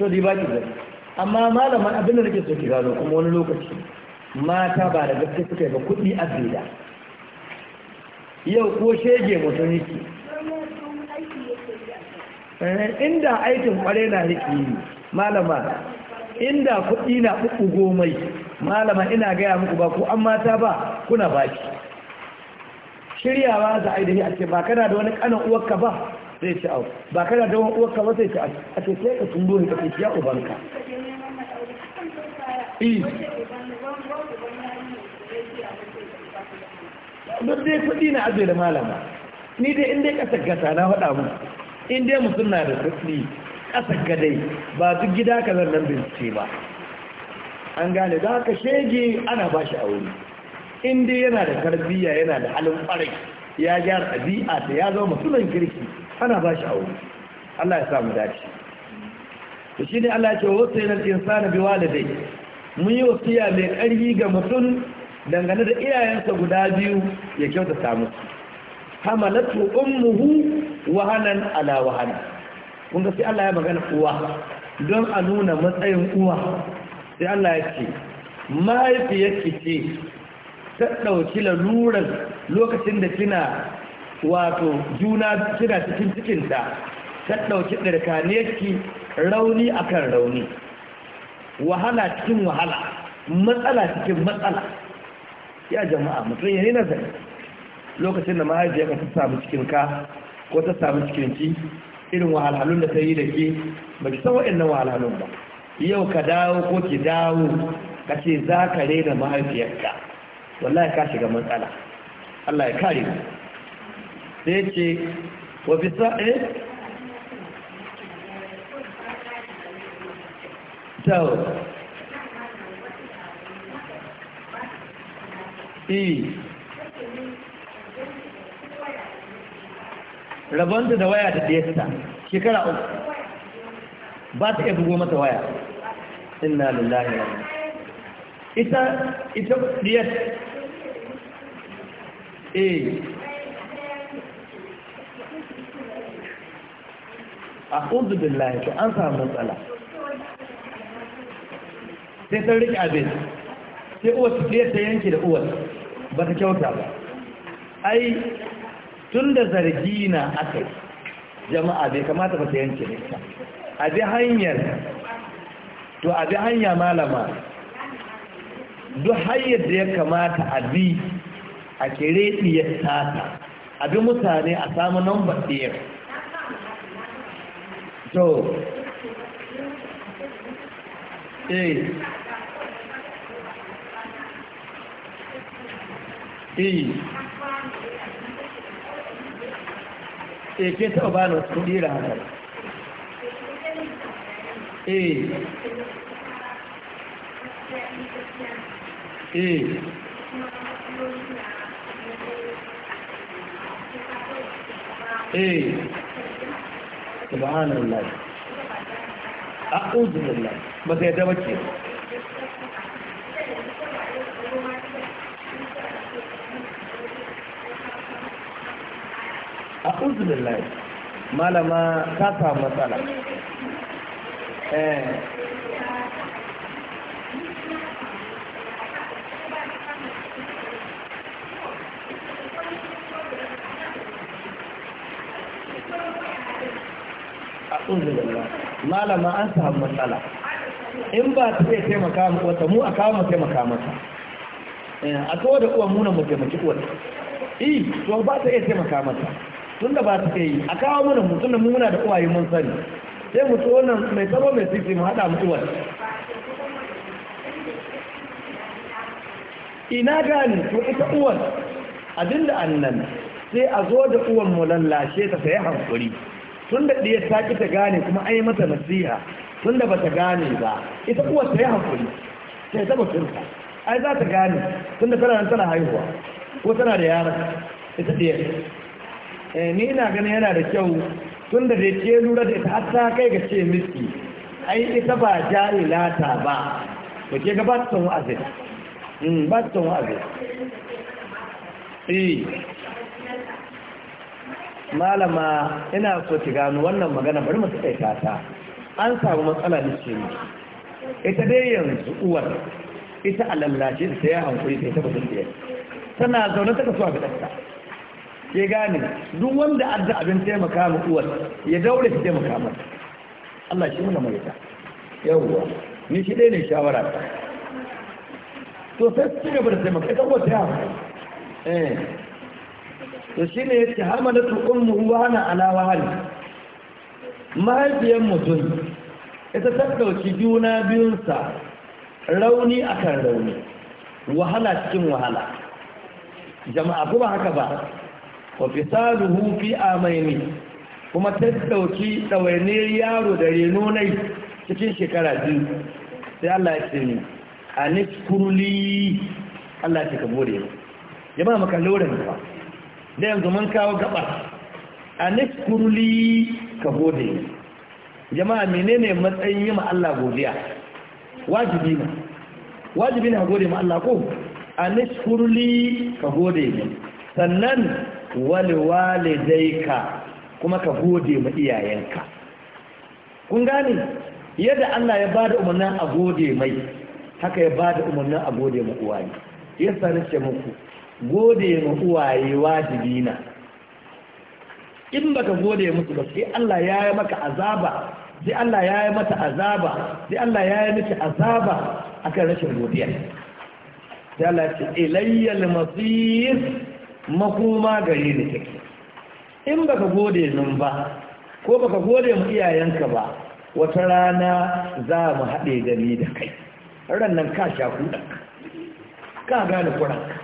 Speaker 2: to di baki gani amma malaman abin da
Speaker 1: nake so ki gano kuma wani lokaci mata ba da gaske suka yi ba kuɗi a zida yau ko shege mutum yake
Speaker 2: eh, inda aikin kwarai na yake yi
Speaker 1: malama
Speaker 2: inda kuɗi
Speaker 1: na uku gomai malama ina gaya muku ba ku an mata ba kuna baki shiryawa za a yi da shi a ce ba kana da wani kanan uwarka ba zai ci au ba kana da wani uwarka ba zai au a ce sai ka tumbo ni ka ce ya ubanka
Speaker 2: eh. duk dai kuɗi
Speaker 1: na ajiye da malama ni dai in dai ka gasa na faɗa mu in dai musulna da kuɗi ƙasa gadai ba duk gida kazar nan bincike ba an gane da haka shege ana ba shi aure inda yana da karbiya yana da halin ƙwarai ya gyara ɗabi'a ta ya zama sunan kirki ana ba shi aure Allah ya samu dace Da shi ne Allah ya ce wasu yanar biwa da dai. mun yi wasu ya mai ƙarfi ga mutum dangane da iyayensa guda biyu ya kyautata musu hamalatu ummuhu wahanan ala wahana kun ga sai Allah ya magana uwa don a nuna matsayin uwa sai Allah ya ce mahaifiyarki ce ta ɗauki lalurar lokacin da kina wato juna kina cikin cikinta ta ɗauki ɗarkaniyarki rauni akan rauni wahala cikin wahala matsala cikin matsala ya jama'a mutum ya yi nazari lokacin da mahaifiyarka ta samu cikinka ko ta samu cikinki irin wahalhalun da ta yi da ke ba ki san waɗannan wahalhalun ba yau ka dawo ko ki dawo ka ce za ka rena mahaifiyarka wallahi ka shiga matsala Allah ya kare mu sai ce wa fi sa'e eh?
Speaker 2: tau rabonta da waya da ɗiyarta shekara uku ba ta iya bugo mata waya inna lullahi wa ita ita ɗiyar eh
Speaker 1: a ƙunzu billahi to an samu matsala
Speaker 2: sai sun riƙe abin
Speaker 1: sai uwar ta yanke da uwa ba ta kyauta ba ai tun da zargi na aka jama'a bai kamata ba ta yanke ne a bi hanyar
Speaker 2: to a bi hanya malama duk hanyar da ya kamata a bi
Speaker 1: a kere ya tata a bi mutane a samu nomba ɗiyar
Speaker 2: to eh eh eh ke taɓa bani wasu kuɗi da haka eh eh eh subhanallah a'udhu
Speaker 1: billah ba ta yadda bace a uzumin lai malama ta
Speaker 2: samu matsala eh.
Speaker 1: malama an samu matsala
Speaker 2: in ba ta zai taimaka
Speaker 1: wata mu a kawo mu taimaka mata eh, a kawo da uwan muna mu taimaki ta. i eh, to ba ta iya taimaka mata tun da ba su ke yi a kawo mana mutum da muna da uwaye mun sani sai mu so wannan mai tsaro mai sisi mu haɗa mutuwa
Speaker 2: ina gani ko ita uwan
Speaker 1: abin da annan sai a zo da uwan mu lallashe ta sai hankuri tun da ɗiyar ta ki ta gane kuma an yi mata nasiha tun da ba ta gane ba ita uwan ta yi hankuri sai ta mutunta ai za ta gane tun da tana tana haihuwa ko tana da yaran ita ɗiyar Eh, ni ina ganin yana da kyau tun da dai ke lura da ita ta kai ga ce miski ai ita ba jahilata ba Ba ke ga ba ta son wa'azi mm, ba wa'azi eh malama ina so ki gano wannan magana bari mu tsaita ta an samu matsala ne ce ita dai yanzu uwar ita alallace ta ya hankuri ta ita ba ta tana zaune ta kasuwa ga ɗanta ke gane duk wanda adda abin taimaka mu ya daure shi taimaka mata Allah shi muna mai ta yawwa ni shi ɗaya ne shawara ta to sai ci gaba da taimaka ita uwar ta eh to shi ne yake hamalatu ummuhu wa ana ala wahali mahaifiyar mutum ita ta ɗauki juna biyunsa rauni akan rauni wahala cikin wahala jama'a kuma haka ba wa fisaluhu fi amaini kuma tattauki dauki yaro da reno nai cikin shekara biyu sai Allah ya ce ni anis kurli Allah ya ce ka gode mu jama'a maka loran ba da yanzu mun kawo gaba anis kurli ka gode mu jama'a menene matsayin yi ma Allah godiya wajibi ne wajibi ne ka gode ma Allah ko anis kurli ka gode mu sannan zai ka kuma ka gode ma iyayenka kun gane yadda Allah ya bada umarnin a gode mai haka ya bada umarnin a gode ma uwaye yasa nace muku gode ma uwaye wajibi na in baka gode musu ba sai Allah ya yi maka azaba sai Allah ya yi mata azaba sai Allah ya yi miki azaba akan rashin godiya sai Allah ya ce ilayyal masir makoma gari da take in baka gode nan ba ko baka gode mu iyayenka ba wata rana za mu haɗe ni da kai ran nan ka sha kuɗanka ka gane kuranka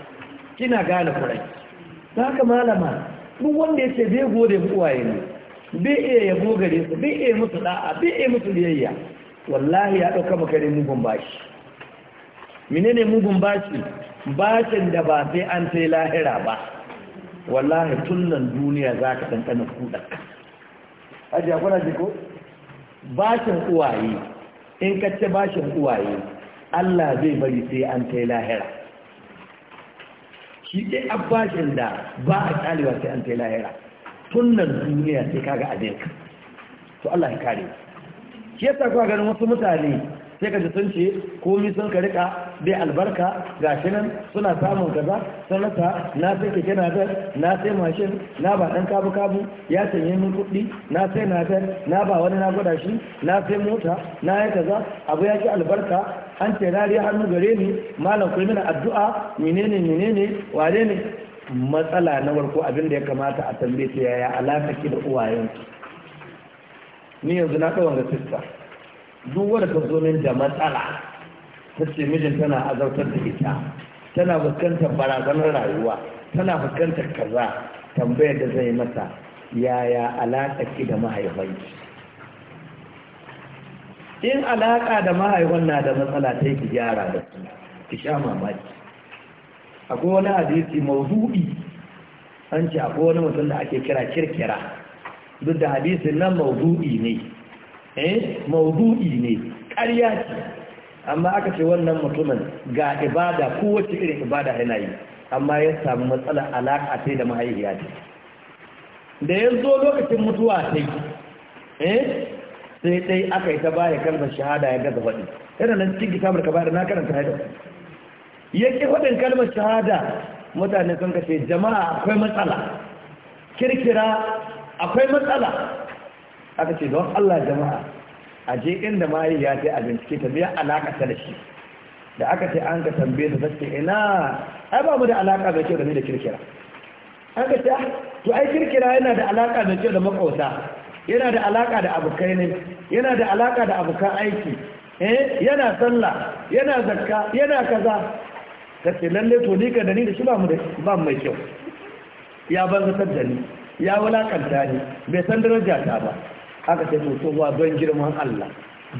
Speaker 1: kina gane kuranki za ka malama duk wanda ya ce zai gode mu uwaye ne bai iya yabo gare su bai iya musu da'a bai iya musu biyayya wallahi ya ɗauka makarin mugun bashi menene mugun bashi bashin da ba sai an sai lahira ba wallahi tunan duniya za ka ɗanɗana kuɗanka aji akwai ji ko bashin uwaye in ka ce bashin uwaye Allah zai bari sai an sai lahira shi ɗai abbashin da ba a ƙalewa sai an sai lahira tunnan duniya sai kaga abinka to Allah ya kare shi yasa kuwa ganin wasu mutane sai ka san sun ce komi sun ka rika bai albarka ga shi nan suna samun kaza sun rasa na sai keke na zai na sai mashin na ba dan kabu kabu ya sanye min kuɗi na sai na zai na ba wani na gwada shi na sai mota na yi kaza abu ya ki albarka an ce rariya hannu gare ni malam kuyi mana addu'a menene menene ware ne matsala na warko abin da ya kamata a tambaye ta yaya alaka ki da uwayensu? ni yanzu na ɗaukar sista duk wanda ka zo da matsala ta ce mijin tana azautar da ita tana fuskantar barazanar rayuwa tana fuskantar kaza tambayar da zai mata yaya alaƙa da mahaifanki in alaƙa da mahaifan na da matsala ta ki gyara da su ki sha mamaki akwai wani hadisi mawdu'i an ce akwai wani mutum da ake kira kirkira duk da hadisin nan mawdu'i ne eh mawdu'i ne ƙarya ce amma aka ce wannan mutumin ga ibada kowace irin ibada yana yi amma ya samu matsala alaƙa sai da mahaifiya ce da ya zo lokacin mutuwa sai eh sai dai aka yi ta baya kalmar shahada ya gaza faɗi yana nan cikin kitabul kabari na karanta haida ya ki faɗin kalmar shahada mutane sun kace jama'a akwai matsala kirkira akwai matsala aka ce don Allah jama'a a je inda mayi ya ce a bincike ta biya alaƙa ta da shi da aka ce an ka tambaye ta take ina ai ba mu da alaƙa mai kyau da ni da kirkira Aka ce ah, to ai kirkira yana da alaƙa mai kyau da makauta yana da alaƙa da abokai ne yana da alaƙa da abokan aiki eh yana sallah yana zakka yana kaza kace lalle to ni ka da ni da shi ba mu da ba mai kyau ya ban da ni ya wulakanta ni bai san daraja ta ba aka ce mutum ba don girman Allah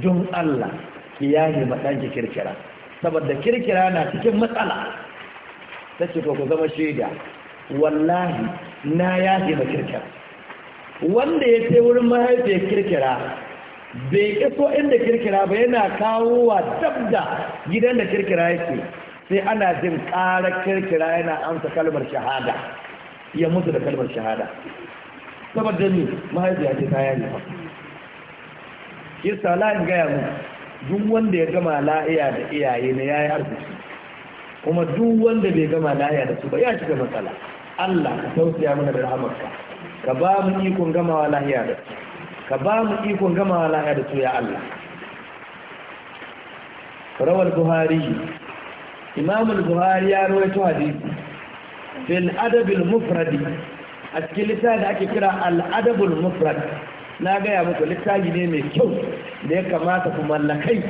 Speaker 1: don Allah ki yaye madanki kirkira saboda kirkira na cikin matsala ce ko ku zama shaida wallahi na yaye ba kirkira wanda ya ce wurin mahaifiyar kirkira bai iso inda kirkira ba yana kawo wa dabda gidan da kirkira yake sai ana jin ƙara kirkira yana amsa kalmar shahada ya mutu da kalmar shahada saboda ni ya ce ta yaye ba Yasa la la'in gaya mu duk wanda ya gama la'iya da iyaye na yayi arziki kuma duk wanda bai gama la'iya da su ba ya shiga matsala Allah ka tausaya mana da rahamarka ka ba mu ikon gamawa la'iya da su ka ba mu ikon gamawa la'iya da su ya Allah Rawal buhari imam al-buhari ya rawaito hadisi fil adab al-mufrad a cikin littafin da ake kira al-adab al-mufrad na gaya muku littafi ne mai kyau da ya kamata ku mallakai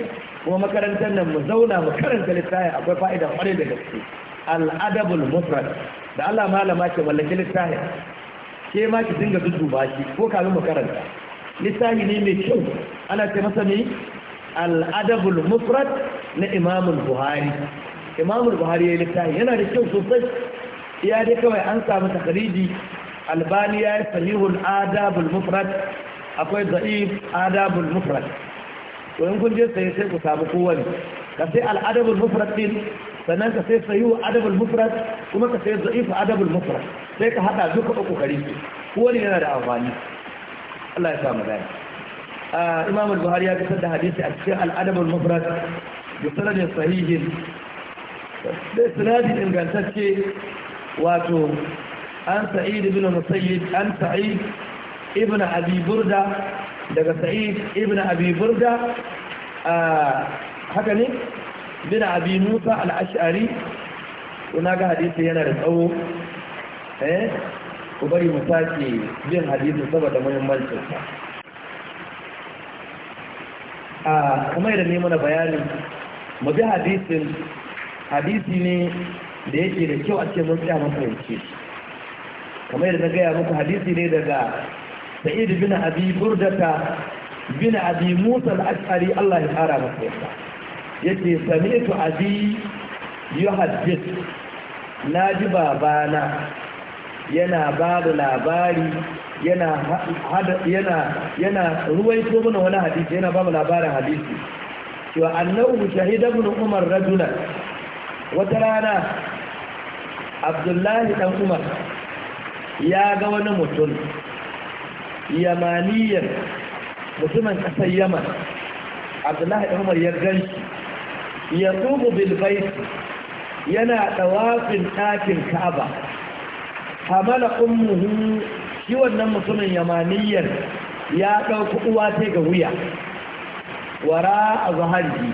Speaker 1: kuma makarantar nan mu zauna mu karanta littafi akwai fa'ida kwarai da gaske al'adabul mufrad da Allah malama ke mallaki littafi ke ma ki dinga dudduba shi ko kafin mu karanta littafi ne mai kyau ana ce masa ne al'adabul mufrad na imamul buhari imamul buhari ya yi littafi yana da kyau sosai iya dai kawai an samu takaridi albani ya yi sahihul adabul mufrad akwai da'if adabul mufrad to in kun je sai sai ku samu kowane ka sai al'adabul mufrad din sannan ka sai sayu adabul mufrad kuma ka sai da'if adabul mufrad sai ka hada duka uku kare su kowane yana da amfani Allah ya samu dai Imam al-Buhari ya fitar da hadisi a cikin al'adabul mufrad bi sanadin sahihin da sanadin ingantacce wato an sa'id ibn musayyib an sa'id ibn abi burda daga sa'id ibn abi burda haka ne bin abi musa al-ash'ari kuna ga hadisi yana da tsawo eh ku bari mu sake bin hadisi saboda muhimmancin sa a kuma yadda ne mana bayanin mu bi hadisin hadisi ne da yake da kyau a cikin mun tsaya mun fahimce kamar yadda na gaya muku hadisi ne daga sa'id bin abi burdata bin abi musa al-ash'ari Allah ya fara masa yasa yace sami'tu abi yuhaddith na ji babana yana ba da labari yana yana yana ruwaito wani hadisi yana ba mu labarin hadisi cewa annahu shahida ibn umar rajulan wata rana abdullahi dan umar ya ga wani mutum yamaniyar mutumin ƙasar yaman abdullahi umar ya gan shi ya tubu bilbaiti yana ɗawafin ɗakin ka'aba hamala ummuhu shi wannan mutumin yamaniyar ya ɗauki uwa sai ga wuya wara a zahari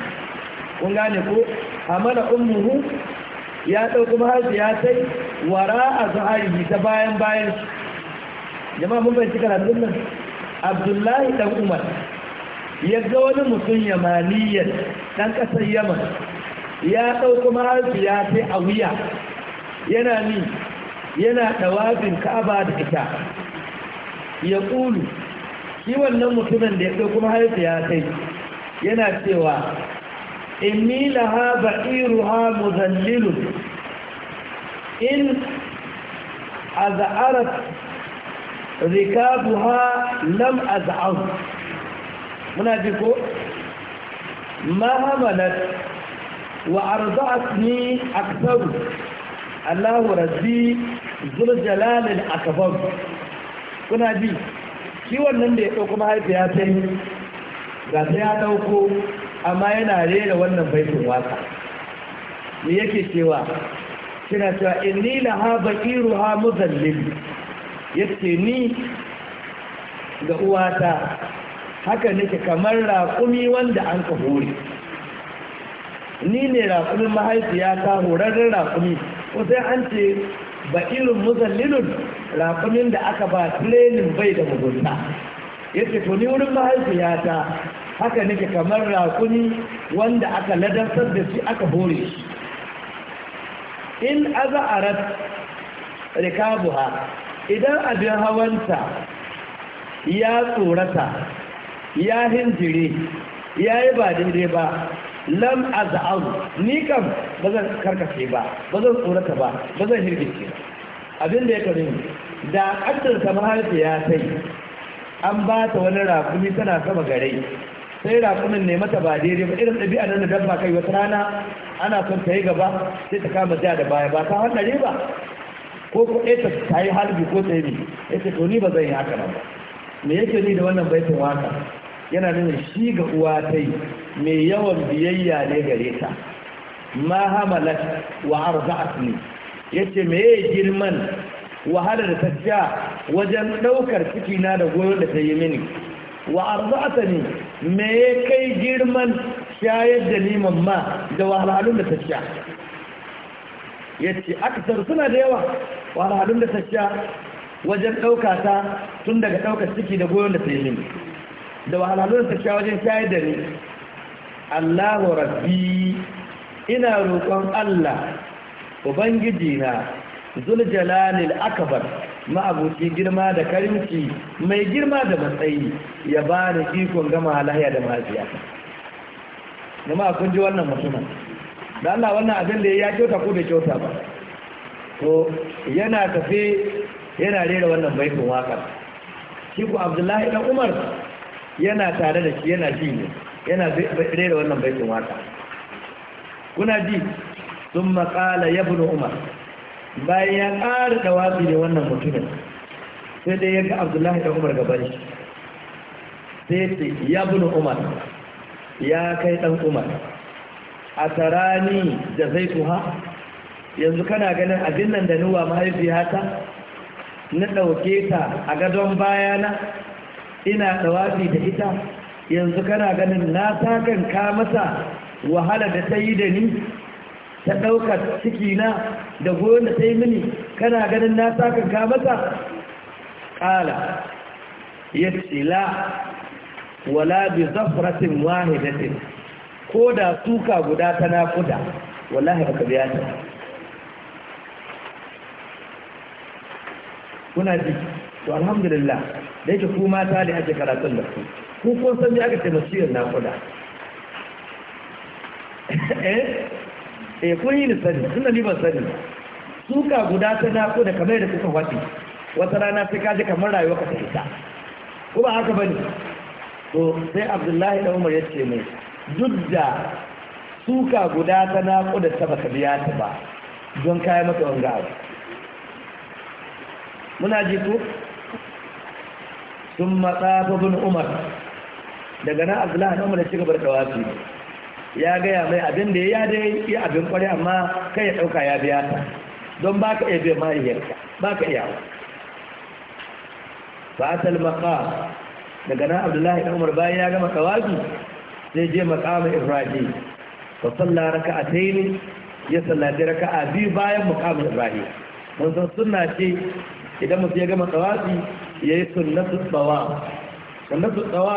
Speaker 1: kun gane ko hamala ummuhu ya ɗauki mahaifiya sai wara a zahari ta bayan bayan shi jama'a mun bai karatun nan abdullahi dan umar ya ga wani mutum yamaniyar dan kasar yaman ya ɗauki ya sai a wuya yana ni yana tawafin ka'aba da ita ya ƙulu shi wannan mutumin da ya ɗauki ya sai yana cewa inni laha ba'iruha muzallilun in a rikabuha lam az'az muna ji ko ma hamalat wa arda'atni akthar Allah rabbi zul jalal al akbar kuna ji Kiwon wannan da ya dauko mahaifiyata ta yi ga ta ya ɗauko. amma yana rera wannan baitin waka me yake cewa kina cewa inni laha baqiruha muzallil Ya ce ni ga uwata haka nake kamar raƙumi wanda an ka hori ni ne raƙumin ta horarren raƙumi ko sai an ce ba irin musallilun raƙumin da aka ba tirenin bai da mugunta ya ce to ni wurin ta haka nake kamar raƙumi wanda aka ladarsar da shi aka hori in aza a rat rikabuha idan abin hawanta ya tsorata ya hinjire ya yi ba daidai ba lam az'az ni kam ba zan karkace ba ba zan tsorata ba ba zan hirgice abin da ya kare ni da kaddar ta ya sai an ba ta wani rakumi tana sama gare sai rakumin ne mata ba daidai ba irin ɗabi'a nan da dabba kai wata rana ana son ta yi gaba sai ta kama jiya da baya ba ta hannare ba ko ko ita ta yi harbi ko ta ne ya ce to ni ba zan yi haka ba me yake ni da wannan baitin waka yana nuna shi ga uwa ta yi mai yawan biyayya ne gare ta ma hamalat wa arza'at ni yace me yayi girman wahala da tajja wajen ɗaukar ciki na da goyon da ta yi mini wa arza'at ni me kai girman shayar da ni mamma da wahalhalun da tajja yace aksar suna da yawa wahalhalun da ta wajen dauka ta tun daga ɗaukar ciki da goyon da ta yi da wahalhalun da ta wajen shayar da ni Allahu rabbi ina roƙon Allah ubangiji na zuljalalil akbar ma'abuci girma da karimci mai girma da matsayi ya bani ikon gama halayya da mahaifiyata jama'a kun ji wannan mutumin da Allah wannan abin da ya kyauta ko bai kyauta ba to yana tafi yana rera wannan baitin waka shi ku Abdullahi dan Umar yana tare da shi yana ji ne yana rera wannan baitin waka kuna ji sun maƙala ya bin Umar bayan ya ƙara da watsi ne wannan mutumin sai dai ya ga Abdullahi dan Umar gaban shi sai ya ce ya Umar ya kai dan Umar a tarani da zai tuha yanzu kana ganin abin nan da nuwa mahaifiyata na ɗauke ta a gadon bayana ina ɗawafi da ita yanzu kana ganin na takan ka mata wahala da ta yi da ni ta ɗaukar cikina da goyon da ta yi mini kana ganin na takan ka mata ƙala ya tsila wala bi zafratin wahidatin ko da suka guda ta naƙuda wallahi baka biya ta kuna ji to alhamdulillah da yake kuma ta da ake karatun da ku ku ko san aka ce masiyar naƙuda
Speaker 2: eh
Speaker 1: eh kun yi ni sani tunda ni ban sani suka guda ta naƙuda kamar da kuka wati wata rana sai ka ji kamar rayuwa ka ta ita ko ba haka bane to sai abdullahi da umar ya ce mai duk da suka guda ta naƙuda ta baka biya ta ba don kayan maka wanga abu muna ji ku sun matsafa bin umar daga na abdullahi na umar da shiga da dawafi ya gaya mai abin da ya dai yi abin kwarai amma kai ya ɗauka ya biya ta don ba ka iya biyan mahaifiyarka ba ka iya ba fatal maka daga na abdullahi na umar bayan ya gama tawafi sai je maqam ibrahim fa salla taini ya sallaci a biyu bayan maqam ibrahim mun san sunna ce idan mutum ya gama ya yayi sunnatu tsawa sunnatu tsawa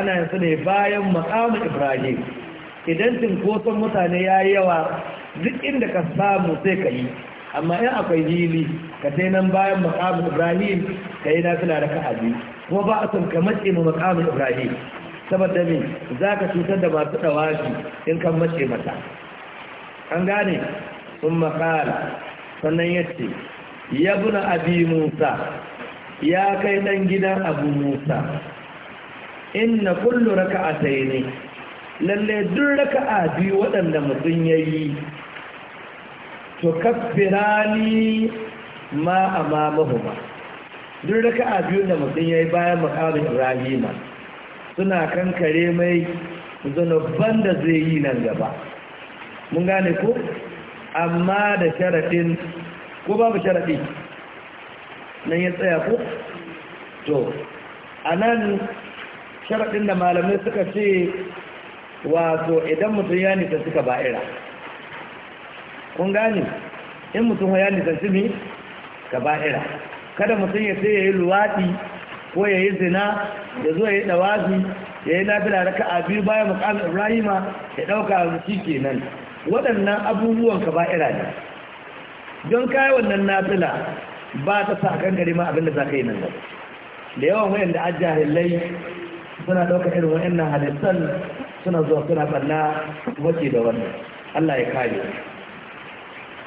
Speaker 1: ana yin ne bayan maqam ibrahim idan cinkoson mutane ya yi yawa duk inda ka samu sai ka yi amma in akwai hili ka sai nan bayan makamin ibrahim ka yi na suna da biyu kuma ba a son ka matse mu makamin ibrahim saboda me za ka cutar da masu ɗawashi in kan mace mata an gane sun makala sannan ya ce ya buna abi musa ya kai ɗan gidan abu musa inna kullu raka raka'a ne lalle duk raka'a biyu waɗanda mutum ya yi to ni ma a mamahuma duk raka'a biyu da mutum ya yi bayan makamin ibrahima suna kankare mai zunuban da zai yi nan gaba mun gane ku. amma da sharaɗin ko babu sharaɗi nan ya tsaya ku? to a nan sharaɗin da malamai suka ce wato idan mutum ya nisa suka ba'ira kun gane in mutum ya nisa su ne ka ba'ira kada mutum ya sai ya yi luwaɗi ko ya yi zina ya zo ya yi dawazi ya yi nafila raka a biyu bayan makamin ibrahima ya ɗauka a shi kenan waɗannan abubuwan ka ba ira ne don kayi wannan nafila ba ta sa kan gari ma abinda za ka yi nan ba. da yawan wayan da ajahilai suna ɗauka irin na halittar suna zuwa suna ɓanna wace da wannan allah ya kare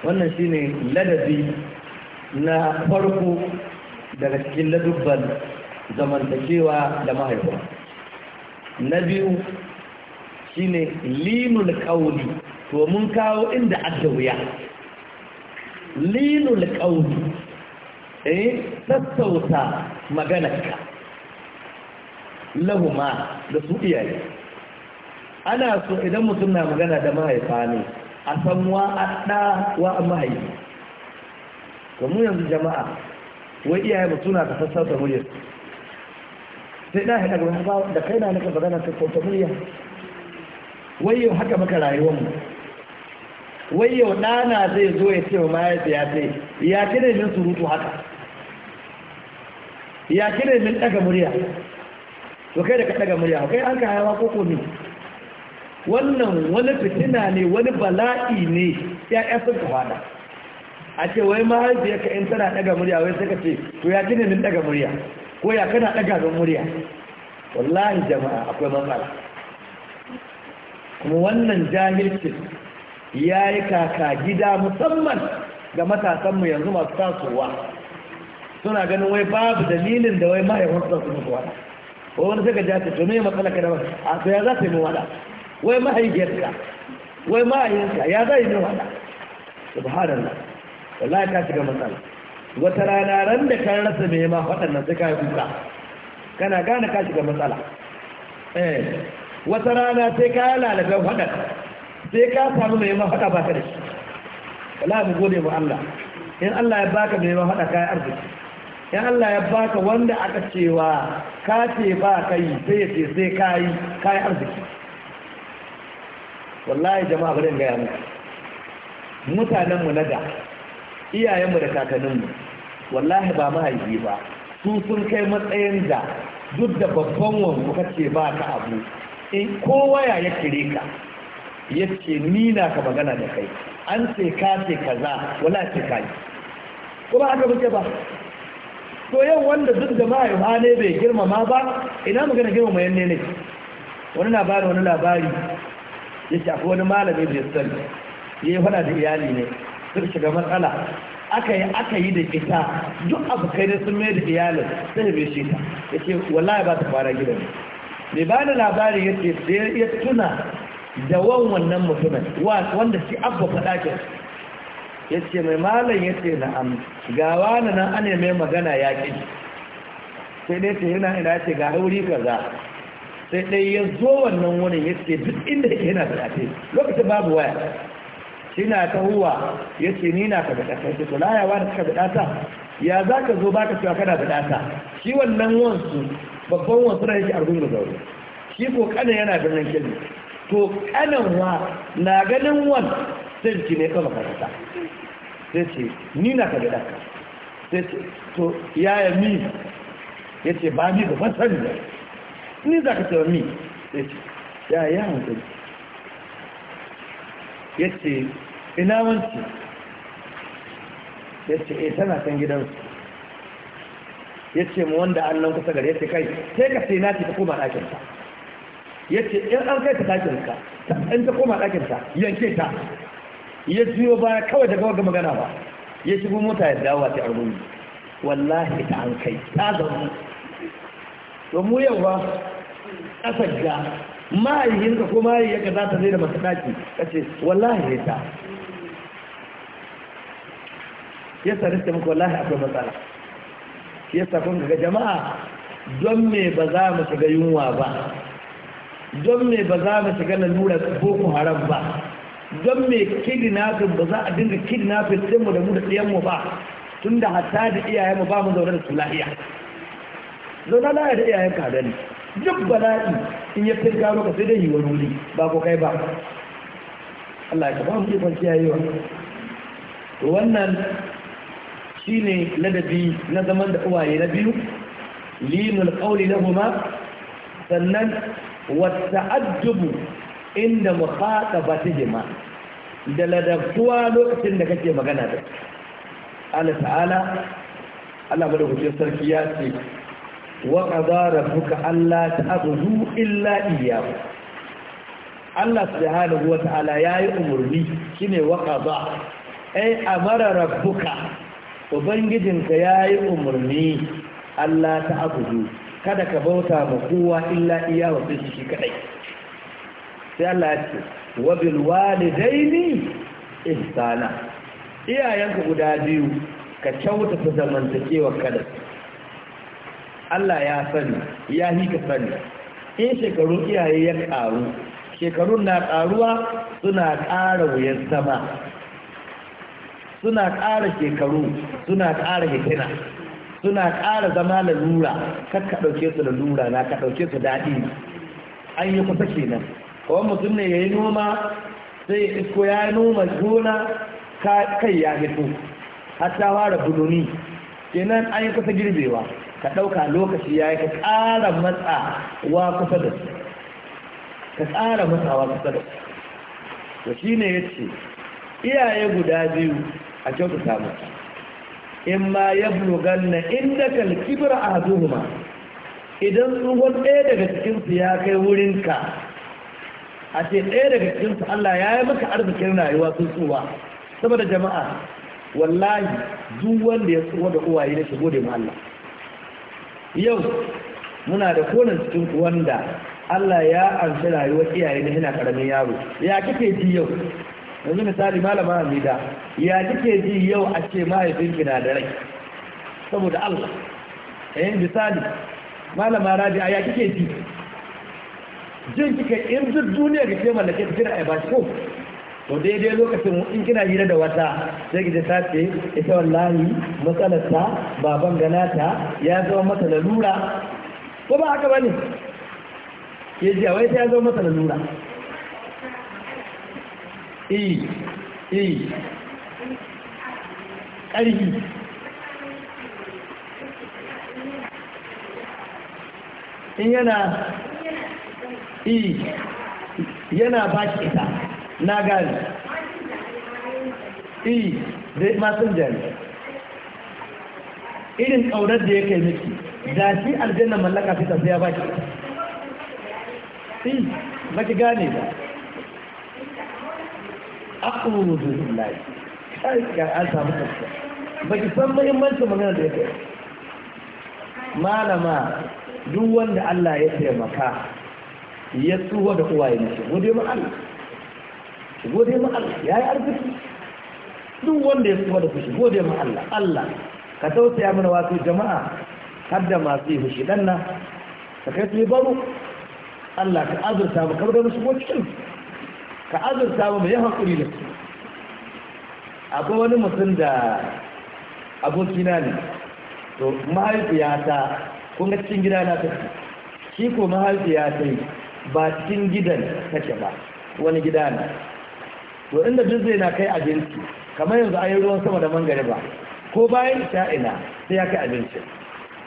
Speaker 1: wannan shine ladabi na farko daga cikin ladubban zamantakewa da mahaifa na biyu shine linul kauli to mun kawo inda wuya linul kauli eh sassauta maganarka lahuma da su iyaye ana so idan mutum na magana da mahaifa ne a san wa adda wa mahaifi to yanzu jama'a wai iyaye mu suna ta sassauta muryarsu sai na haɗa ga ba da kai na naka magana ta kauta murya yau haka maka rayuwar mu yau ɗana zai zo ya ce wa ya ce ya ne min surutu haka ya ne min ɗaga murya to kai da ka ɗaga murya kai an ka hayawa ko komi wannan wani fitina ne wani bala'i ne ya'ya sun ka fada a ce wai ka in tana ɗaga murya wai sai ka ce to ya ne min ɗaga murya Koya kana ɗaga don murya wallahi jama'a akwai matsala kuma wannan jahilcin ya yi kaka gida musamman ga matasanmu yanzu masu tasowa suna ganin wai babu dalilin da wai mahaifin su mutu wada wai wani suka jata to me matsala ka da a to ya za ta yi wada wai mahaifiyarka wai mahaifinka ya za yi wada subhanallah wallahi ta shiga matsala wata rana ran da kan rasa mai ma waɗannan sai ka yi kuka kana gane ka shiga matsala eh wata rana sai ka lalabe waɗan sai ka samu mai ma ba baka da shi wala mu gode mu Allah in Allah ya baka mai ma ka kai arziki in Allah ya baka wanda aka cewa ka ce ba kai sai ya ce sai kai kai arziki wallahi jama'a bari in ga muku mutanenmu na da iyayenmu da kakanninmu wallahi ba mahaifi ba su sun kai matsayin da duk da babban wanzu ka ce ba ka abu in kowa ya ya kire ka ya ce ni na ka magana da kai an ce ka ce kaza wala ce ka yi kuma aka muke ba to yau wanda duk da mahaifa ne bai girmama ba ina magana girmama yanne ne wani labari wani labari ya shafi wani malami bai sani ya yi fada da iyali ne sun shiga matsala aka yi aka yi da ita duk abu kai da sun mayar da iyalin sai bai shi ta ya ce wallahi ba ta fara gidan mai ba da labari ya ce ya tuna da wan wannan mutumin wanda shi abba faɗa ke ya ce mai malam ya ce am Ga wani nan ana mai magana ya ƙi sai dai ce yana ina ce ga wuri kaza sai dai ya zo wannan wurin ya ce duk inda yake yana da ake lokacin babu waya ina ta huwa ya ce ni na ka bada kai ce to laya wani ka bada ta ya za ka zo baka cewa kana bada ta shi wannan wansu babban wansu da yake argun da zaure shi ko kana yana da nan kelmi to kana wa na ganin wan sai ki ne ka makaranta sai ce ni na ka bada ka sai ce to yaya mi ya ce ba ni da fasan ni za ka ce mi sai ce ya ya ya ce ina wanci ya ce e eh, tana kan gidansu ya ce mu wanda allon kusa gari ya ce kai sai ka sai na ta koma ɗakinta ya ce in an kai ta ɗakinta in ta koma ɗakinta yanke ta ya juyo ba kawai daga waga magana ba ya shigo mota ya dawo ta armuni wallahi ta an kai ta zaune domin yau ba ƙasar ga ka ko mahaihiyarka za ta zai da masu daki ka ce wallahi ya ta ya sarrafa muku wallahi akwai matsala ya kun ga jama'a don me ba za mu shiga yunwa ba don me ba za mu shiga lalurar boko haram ba don me kidnapping ba za a dinga kidnapping mu da mu da mu ba tun da hatta da iyayenmu ba mu zaune da su lahiya zaune lahiya da iyayen ka duk bala'i in ya gano ka sai dai yi wani wuri ba ko kai ba Allah ya ba mu yayi wa. wannan shine ladabi na zaman da uwaye na biyu linul na lahuma sannan wa ta'addubu inda mukhatabatihima da ladabtuwa lokacin da kake magana da Allah ta'ala Allah madaukakin sarki ya ce wa qadara Allah alla ta'budu illa iyyahu Allah subhanahu wa ta'ala yayi umurni shine wa qada ai amara rabbuka ubangijinka yayi umurni Allah ta'budu kada ka bauta ma kowa illa iyahu sai shi kadai sai Allah ya ce wa bil walidaini ihsana iyayenka guda biyu ka kyautata zamantakewa kada Allah ya sani ya yi ka sani in shekaru iyaye ya karu. shekarun na karuwa suna kara wuyan sama suna kara shekaru suna kara hitina suna kara zama lalura kan ka dauke su lalura na ka dauke su daɗi an yi kusa kenan kawai mutum ne ya yi noma sai ya isko ya noma gona kai ya fito hatta ta fara buluni kenan an yi kusa girbewa ka ɗauka lokaci ya yi ka ƙara matsawa kusa da su ka ƙara matsawa kusa da su shi ne ya ce iyaye guda biyu a kyautata samu in ma ya na inda kalkibar a zuhuma idan tsohon ɗaya daga cikinsu ya kai wurinka a ce ɗaya daga cikinsu Allah ya yi maka arzikin rayuwa sun tsuwa saboda jama'a wallahi duk wanda ya tsuwa da uwaye na shigo da mu Allah yau muna da konin cikin wanda Allah ya amshi rayuwar iyaye da hina karamin yaro ya kike ji yau yanzu misali malama amida ya kike ji yau a ce mahaifinki na da rai saboda Allah eh misali malama rabi'a ya kike ji jin kike in duk duniya da ke mallake kira ai ba ko to daidai lokacin in kina hira da wata sai ki ta ce ita wallahi matsalarta baban ganata ya zama mata lalura ko ba haka bane ke ji wai ta ya zama mata lalura eh eh ƙarfi in yana
Speaker 2: eh
Speaker 1: yana ba ki ita na gani e, dai zai masun jari irin ƙaunar da ya kai miki da shi aljanna mallaka fi ya baki
Speaker 2: iya e, baki gane ba akwuru da
Speaker 1: zai kai ga an samu kasuwa baki san muhimmancin magana da ya kai malama duk wanda Allah ya taimaka ya tsuwa da uwaye mace gode ma Allah ki gode ma Allah ya yi arziki duk wanda ya kuma da fushi gode ma Allah Allah ka tausaya mana wato jama'a har da masu yi fushi ɗan nan ka kai su yi baro Allah ka azurta ba kamar da su ko cikin ka azurta mu mai hakuri da su akwai wani mutum da abokina ne to mahaifiyata kun ga cikin gida na ta shi ko mahaifiyata ba cikin gidan take ba wani gida ne to inda duk zai na kai abinci kamar yanzu a yi ruwan sama da ba ko bayan isha'ina sai ya kai abinci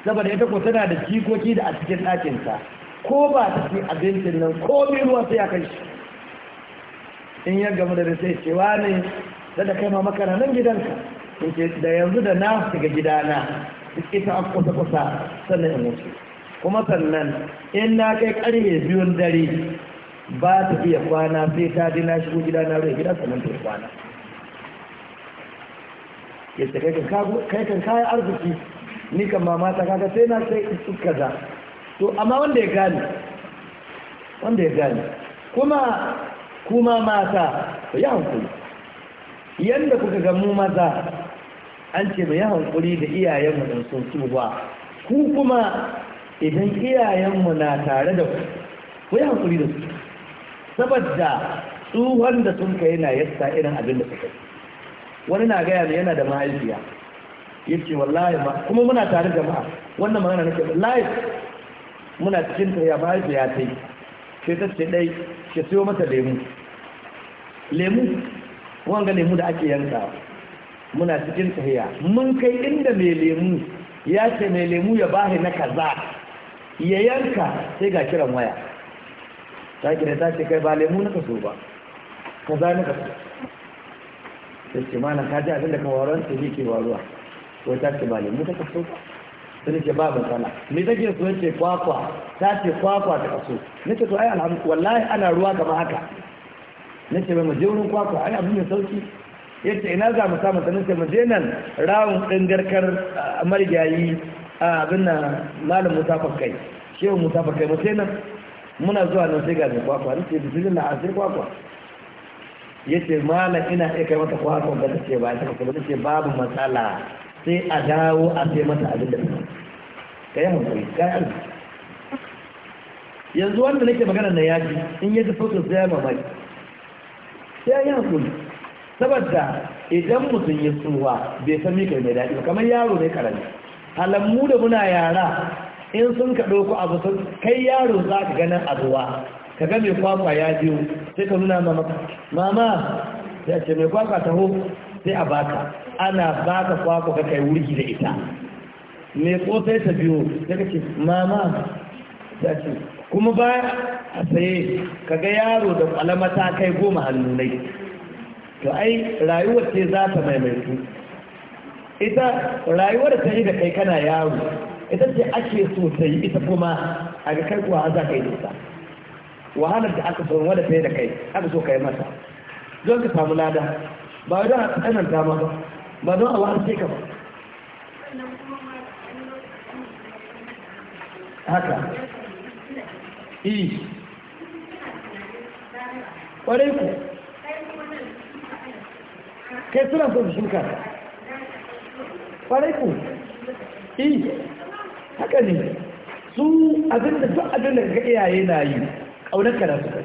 Speaker 1: saboda ita ko tana da jikoki da a cikin ɗakinta ko ba ta fi abincin nan ko mai ruwa sai ya kai shi in ya gama da sai cewa ne da kai ma makana nan gidanka in ce da yanzu da na shiga gidana ita a kusa kusa sannan in wuce kuma sannan in na kai karfe biyun dare ba ta iya kwana sai ta ji na shigo gida na ruwa gida sannan ta kwana ya ce kai kan kayan arziki ni kan mama ta kaga sai na sai su kaza to amma wanda ya gane wanda ya gane kuma kuma mata ba yi hankuli yadda kuka ga mu maza an ce ba yi hankuli da iyayenmu don sun su ba ku kuma idan iyayenmu na tare da ku ku yi hankuli da su saboda tsuhon da sun kai na yasta irin abin da suka yi wani na gaya ne yana da mahaifiya yace wallahi ma kuma muna tare jama'a wannan magana nake wallahi muna cikin ta ya mahaifiya ta yi ce ta ce dai ke siyo mata lemu lemu ga lemu da ake yanka, muna cikin tahiya mun kai inda mai lemu ya ce mai lemu ya bahi na kaza ya yanka sai ga kiran waya ta gina ta ce kai ba lemu na kaso ba ka za ni kaso ta ce mana ka ji abin da ka waron ta ke waruwa ko ta ce ba lemu ta kaso ba ta ce ba matsala ni ta su so ce kwakwa ta ce kwakwa ta kaso ni ce to ai alhamdu wallahi ana ruwa kamar haka ni ce mai mu je wurin kwakwa ai abin mai sauki yace ina za mu samu sanin sai mu je nan rawun din garkar marigayi abin nan malam Musa, Fakkai. shehu Musa, kai mu sai nan muna zuwa nan sai ga mai kwakwa nake bisirin na asir kwakwa ya ce malam ina iya kai mata kwakwa ba ta ce ba ta kuma ta ce babu matsala sai a dawo a sai mata abin da ka yi hankali ka yi hankali yanzu wanda nake magana na yaji in yaji fotos da ya mamaki sai yi hankali saboda idan mutum ya tsuwa bai san mika mai daɗi ba kamar yaro ne karanta halammu da muna yara in sun ka ɗauko abu sun kai yaro za ka ganin abuwa ka ga mai kwakwa ya biyu sai ka nuna mama mama ya ce mai kwakwa taho sai a baka ana baka kwakwa ka kai wurgi da ita mai kosai ta biyu sai ka ce mama ya ce kuma ba a saye ka ga yaro da kwalama ta kai goma hannunai to ai rayuwar ce za ta maimaitu ita rayuwar ta yi da kai kana yaro ita ce ake so ta yi ita kuma a ga kai kuwa za ka yi nisa wahalar da aka so wadda ta yi da kai aka so ka yi mata don ka samu lada ba wa don a tsananta ma ba ba don a wahalar ka ba
Speaker 2: haka yi e. ƙwarai ku kai suna son shuka ƙwarai ku
Speaker 1: yi e. haka ne su abin da su abin da ga iyaye na yi ƙaunar da su kai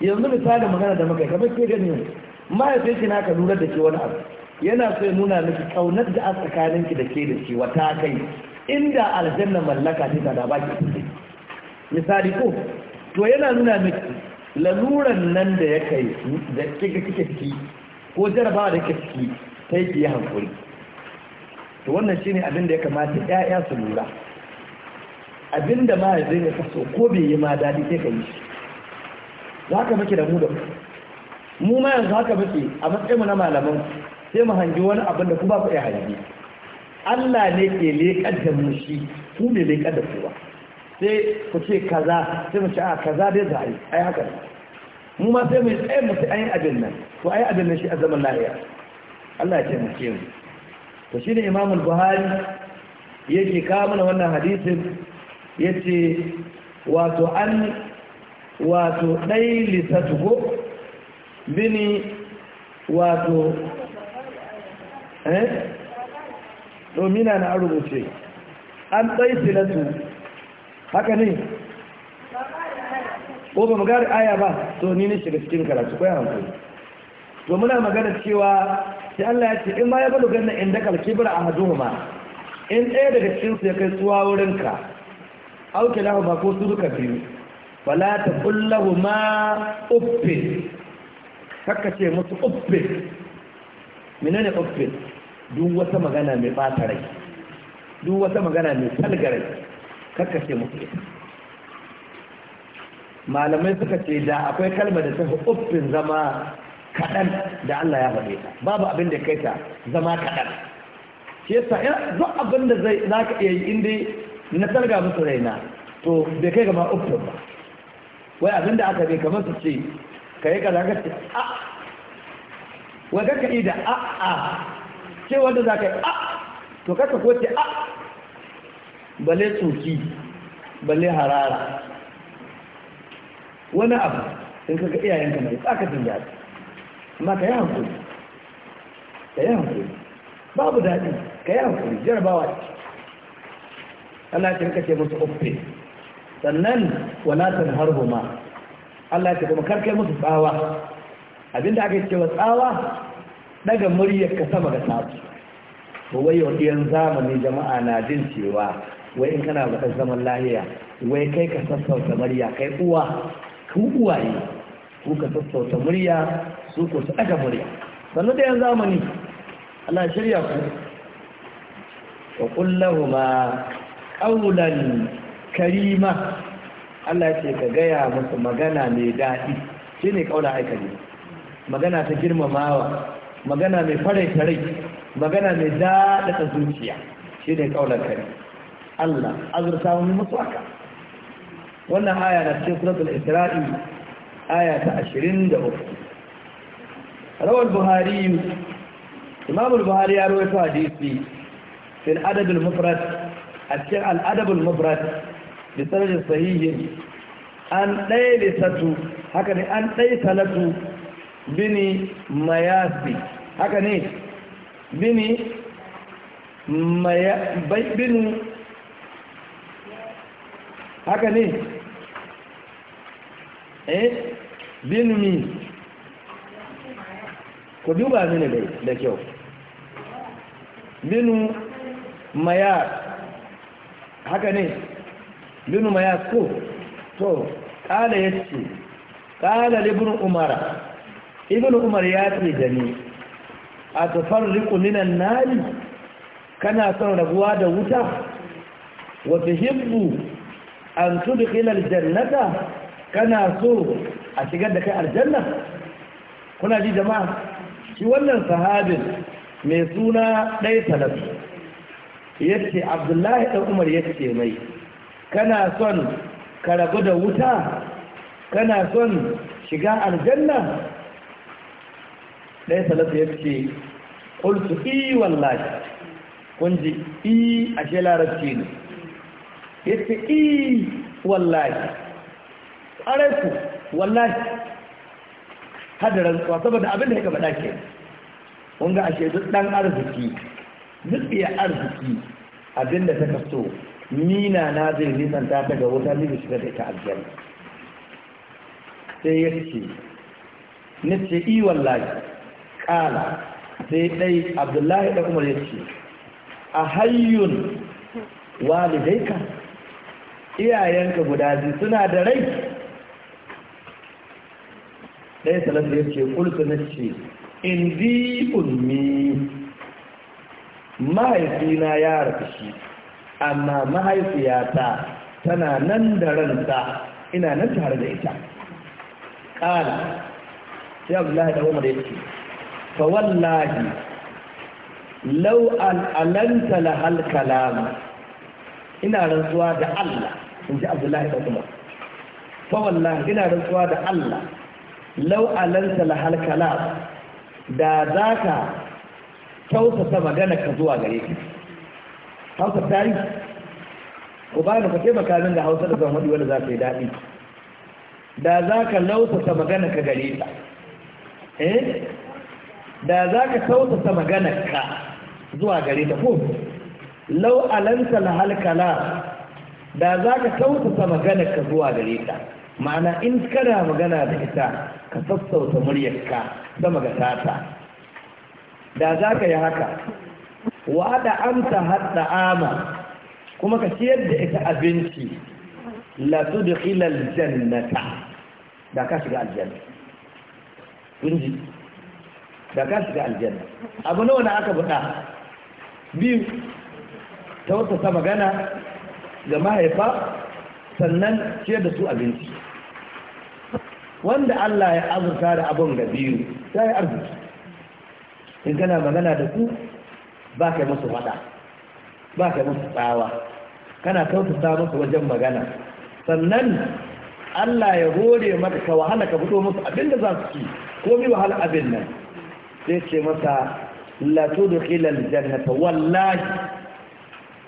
Speaker 1: yanzu misali magana da muka kamar ke gani mahaifin ki naka lura da ke wani abu yana so ya nuna miki ƙaunar da a tsakanin ki da ke da shi wata kai inda aljanna mallaka ce da baki misali ko to yana nuna miki laluran nan da ya kai da kika kike ki ko jarabawa da kike ki sai ki yi hankuri to wannan shine abin da ya kamata ƴaƴa su lura abin da ma zai ne kaso ko bai yi ma dadi sai ka yi shi za ka muke da mu da mu ma yanzu haka muke a matsayin mu na malaman sai mu hangi wani abin da ku ba ku iya hangi Allah ne ke leƙar da mu shi ku ne leƙar da kowa sai ku ce kaza sai mu ce a kaza dai za a yi ai haka mu ma sai mu tsaye mu sai an yi abin nan to ai abin nan shi a zaman lahiya Allah ya ce mu ce mu to shine imam al-buhari yake kamuna mana wannan hadisin yace wato an wato dai lisatugo bini wato eh domina na rubuce an dai silatu haka ne ko ba mu gari aya ba to ni ne shiga cikin karatu ko ya hankali to muna magana cewa sai Allah ya ce in ma ya bada ganna a kalkibra ma in ɗaya daga cikin su ya kai tsuwa ka auke lahu ma ko su duka biyu wala ta kullahu ma uffin kakka ce musu uffin menene uffin duk wata magana mai bata rai duk wata magana mai salgare kakka ce musu uffin malamai suka ce da akwai kalmar da ta uffin zama kaɗan da Allah ya faɗe ta babu abin da kai ta zama kaɗan shi yasa ya zo abin da zai za ka iya yi inda na sarga musu raina to bai kai gama uftun ba wai abin da aka bai kamar su ce ka yi kaza ka ce a wai kaka yi da a a ce wanda za ka yi a to kaka ko ce a balle tsoki balle harara wani abu sun kaga iyayenka mai tsakatin jari. maka ka yi hankali ka yi hankali babu daɗi ka yi hankali jarabawa ce Allah ya rika ce musu uffe sannan wala tanharhu ma Allah ya ce kuma karkai musu tsawa abinda aka ce wa tsawa daga muryar ka sama ga tsawa ko wai yaudiyan zamani jama'a na jin cewa wai in kana bukatar zaman lahiya wai kai ka sassauta murya kai uwa ku uwaye ku ka sassauta murya su kusa aka murya sannu da yan zamani Allah shirya ku wa kullahuma ma karima Allah ce ka gaya musu magana mai daɗi shi ne aikali magana ta girmamawa magana mai faraita rai magana mai ta zuciya shi ne ƙaunar kare Allah azurta mu musu aka wannan aya na cikin suratul isra'i aya ta 23 rawar buhari imamul buhari ya rawaito hadisi fil adabul mufrad a cikin al'adabul mufrad da sanadin sahihi an ɗaya lisatu haka ne an ɗaya salatu bini mayasi haka ne bini bini haka ne eh bini ku duba mini dai da kyau binu maya haka ne binu maya ko to kala ya ce kala ibn umara ibn umar ya ce da ni a tafar minan nari kana son rabuwa da wuta wa tuhibbu an tudkhila aljannata kana so a shigar da kai aljanna kuna ji jama'a shi wannan sahabin mai suna ɗai talab ya ce abdullahi ɗan umar ya ce mai kana son ka rabu da wuta kana son shiga aljanna ɗaya talab ya ce ƙulsu iya wallahi kun ji iya ashe larabci ne ya ce iya wallahi su wallahi hada rantsuwa saboda abin da ya gaba ke kun ga ashe duk ɗan arziki duk arziki abin da ta kaso nina na zai nisanta ta ga wuta ne shiga da ita aljanna sai ya ce na ce i wallahi ƙala. sai dai abdullahi da umar ya ce a hayyun walidaika iyayenka guda suna da rai ɗaya salatu ya ce kulta na ce in bi ulmi mahaifina ya rafi amma mahaifiyata tana nan da ranta ina nan tare da ita ƙala sai abdullahi da umar ya ce fa wallahi lau al'alanta la halkalama ina rantsuwa da Allah in ji abdullahi da umar fa wallahi ina rantsuwa da Allah lau alanta lahal da za ka tausasa magana ka zuwa gare ka hausa ta yi ku ba da fake makamin da hausa da zama wanda za ka yi daɗi da za ka lausasa magana ka gare ta eh da za ka tausasa magana ka zuwa gare ta ko lau alanta lahal da za ka tausasa magana ka zuwa gare ta ma'ana in kana magana da ita ka sassauta muryarka sama ga da za ka yi haka wada amsa hadda ama kuma ka ciyar da ita abinci la jannata da ka shiga aljanna kunji da ka shiga aljanna abu nawa na aka buɗa biyu ta wata magana ga mahaifa sannan ciyar da su abinci wanda Allah ya azurta da abin da biyu ta yi arziki in kana magana da ku ba kai musu faɗa ba kai musu tsawa kana kautata musu wajen magana sannan Allah ya gode maka ka wahala ka fito musu abin da za su ci ko bi wahala abin nan sai ce masa la tudkhil al jannata wallahi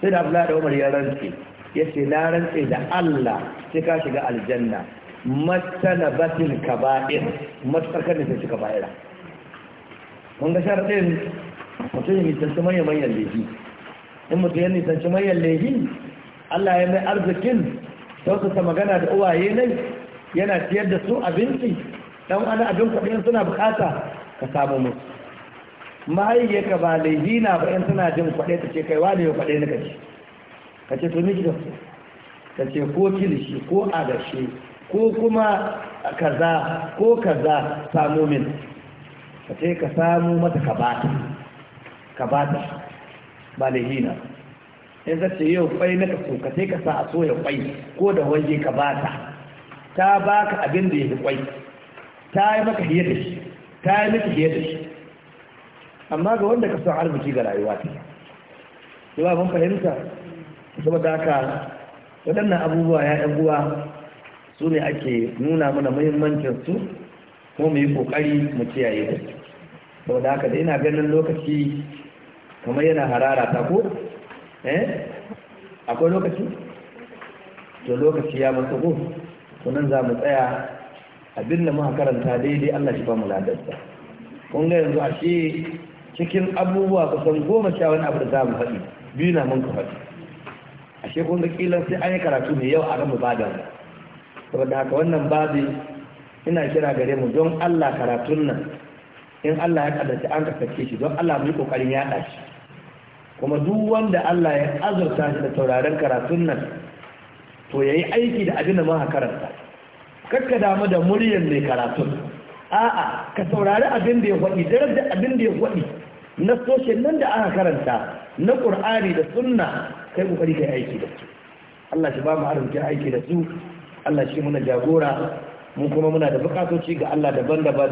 Speaker 1: sai da Abdullahi Umar ya rantse yace na rantse da Allah sai ka shiga aljanna matsala batil kaba'ir matsakar da ta ci kaba'ira mun ga sharaɗin mutum ya nisanci manyan manyan lehi. in mutum ya nisanci manyan lehi. Allah ya mai arzikin sautata magana da uwaye ne yana siyar da su abinci dan wani abin kwaɗin suna bukata ka samu musu mahaifiyar ka ba lehi na ba in suna jin kwaɗe ta ce kai wani ya kwaɗe na kaci ka ce tuni ki da su ka ce ko kilishi ko adashe ko kuma kaza ko kaza samu min ka ce ka samu mata ka ta ka ta ba hina in zace yau kwai na ka so ka ce ka sa a soya kwai ko da waje ka ba ta baka abin da ya fi kwai ta yi maka hiyar da shi ta yi maka hiyar da shi amma ga wanda ka son arziki ga rayuwa ta yi ba mun fahimta saboda haka waɗannan abubuwa ya ɗan uwa su ne ake nuna mana muhimmancin su ko mu yi kokari mu kiyaye su saboda haka da ina ganin lokaci kamar yana harara ta ko eh akwai lokaci to lokaci ya mutu ko kunan za mu tsaya abin da muka karanta daidai Allah shi ba mu ladarsa kun ga yanzu ashe cikin abubuwa kusan goma sha wani abu da za mu faɗi biyu na mun ka faɗi ashe kun ga ƙilan sai an yi karatu mai yau a ramu mu ba da saboda haka wannan babi ina kira gare mu don Allah karatun nan in Allah ya kaddace an kasance shi don Allah mu yi kokarin yaɗa shi kuma duk wanda Allah ya azurta shi da tauraron karatun nan to yayi aiki da abin da ma karanta kakka damu da muryar mai karatun a'a ka saurari abin da ya faɗi darar da abin da ya faɗi na soshen nan da aka karanta na ƙur'ani da sunna kai kokari kai aiki da su Allah shi ba mu arziki aiki da su Allah shi muna jagora mu kuma muna da bukatoci ga Allah daban-daban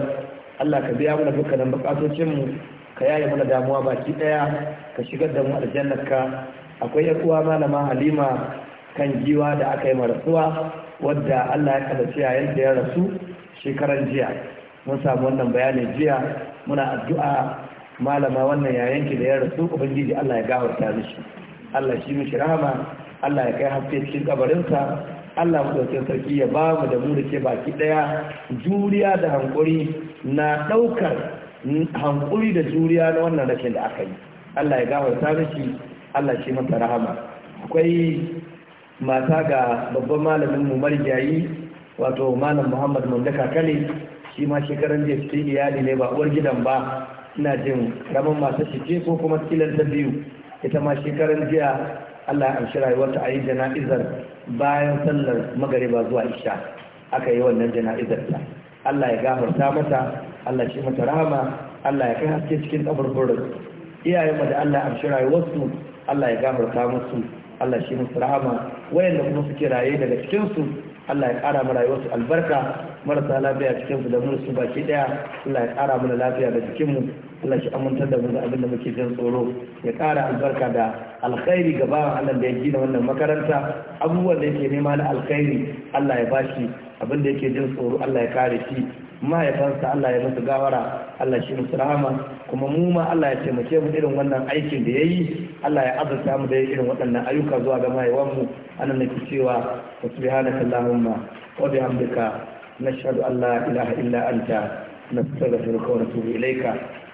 Speaker 1: Allah ka biya mana dukkanin bukatocin mu ka yaye mana damuwa baki daya ka shigar da mu aljannarka akwai yar uwa malama Halima kan giwa da aka yi marasuwa wadda Allah ya kadace yayin yadda ya rasu shekaran jiya mun samu wannan bayanin jiya muna addu'a malama wannan yayanki ki da ya rasu ubangiji Allah ya gafarta mishi Allah shi mishi rahama Allah ya kai haske cikin kabarinsa Allah madaukakin sarki ya ba mu da mu da ke baki ɗaya. juriya da hankuri na ɗaukar hankuri da juriya na wannan rashin da aka yi Allah ya gafarta mishi Allah shi mata rahama akwai mata ga babban malamin mu marjayi wato malam Muhammad Mamdaka Kale shi ma shekaran da su iyali ne ba uwar gidan ba ina jin ramin masu shike ko kuma kilan ta biyu ita ma shekaran jiya Allah ya amshi rayuwarta a yi jana'izar bayan sallar magariba zuwa isha aka yi wannan jana'izar ta Allah ya gafarta mata Allah shi mata rahama Allah ya kai haske cikin kaburburin iyayen da Allah ya amshi rayuwarsu Allah ya gafarta musu Allah shi musu rahama wayanda kuma suke raye daga cikin su Allah ya ƙara mana rayuwarsu albarka marasa lafiya cikin su da mun su baki daya Allah ya ƙara mana lafiya da jikinmu Allah shi amintar da wanda abinda abin muke jin tsoro ya kara albarka da alkhairi gaba bawan Allah da ya gina wannan makaranta abubuwan da yake nema na alkhairi Allah ya bashi abinda da yake jin tsoro Allah ya kare shi mahaifansa Allah ya masa gawara Allah shi musu rahama kuma mu ma Allah ya taimake mu irin wannan aikin da yayi Allah ya azurta mu da irin waɗannan ayyuka zuwa ga mu anan nake cewa subhanaka allahumma wa bihamdika nashhadu an la ilaha illa anta نستغفرك ونتوب اليك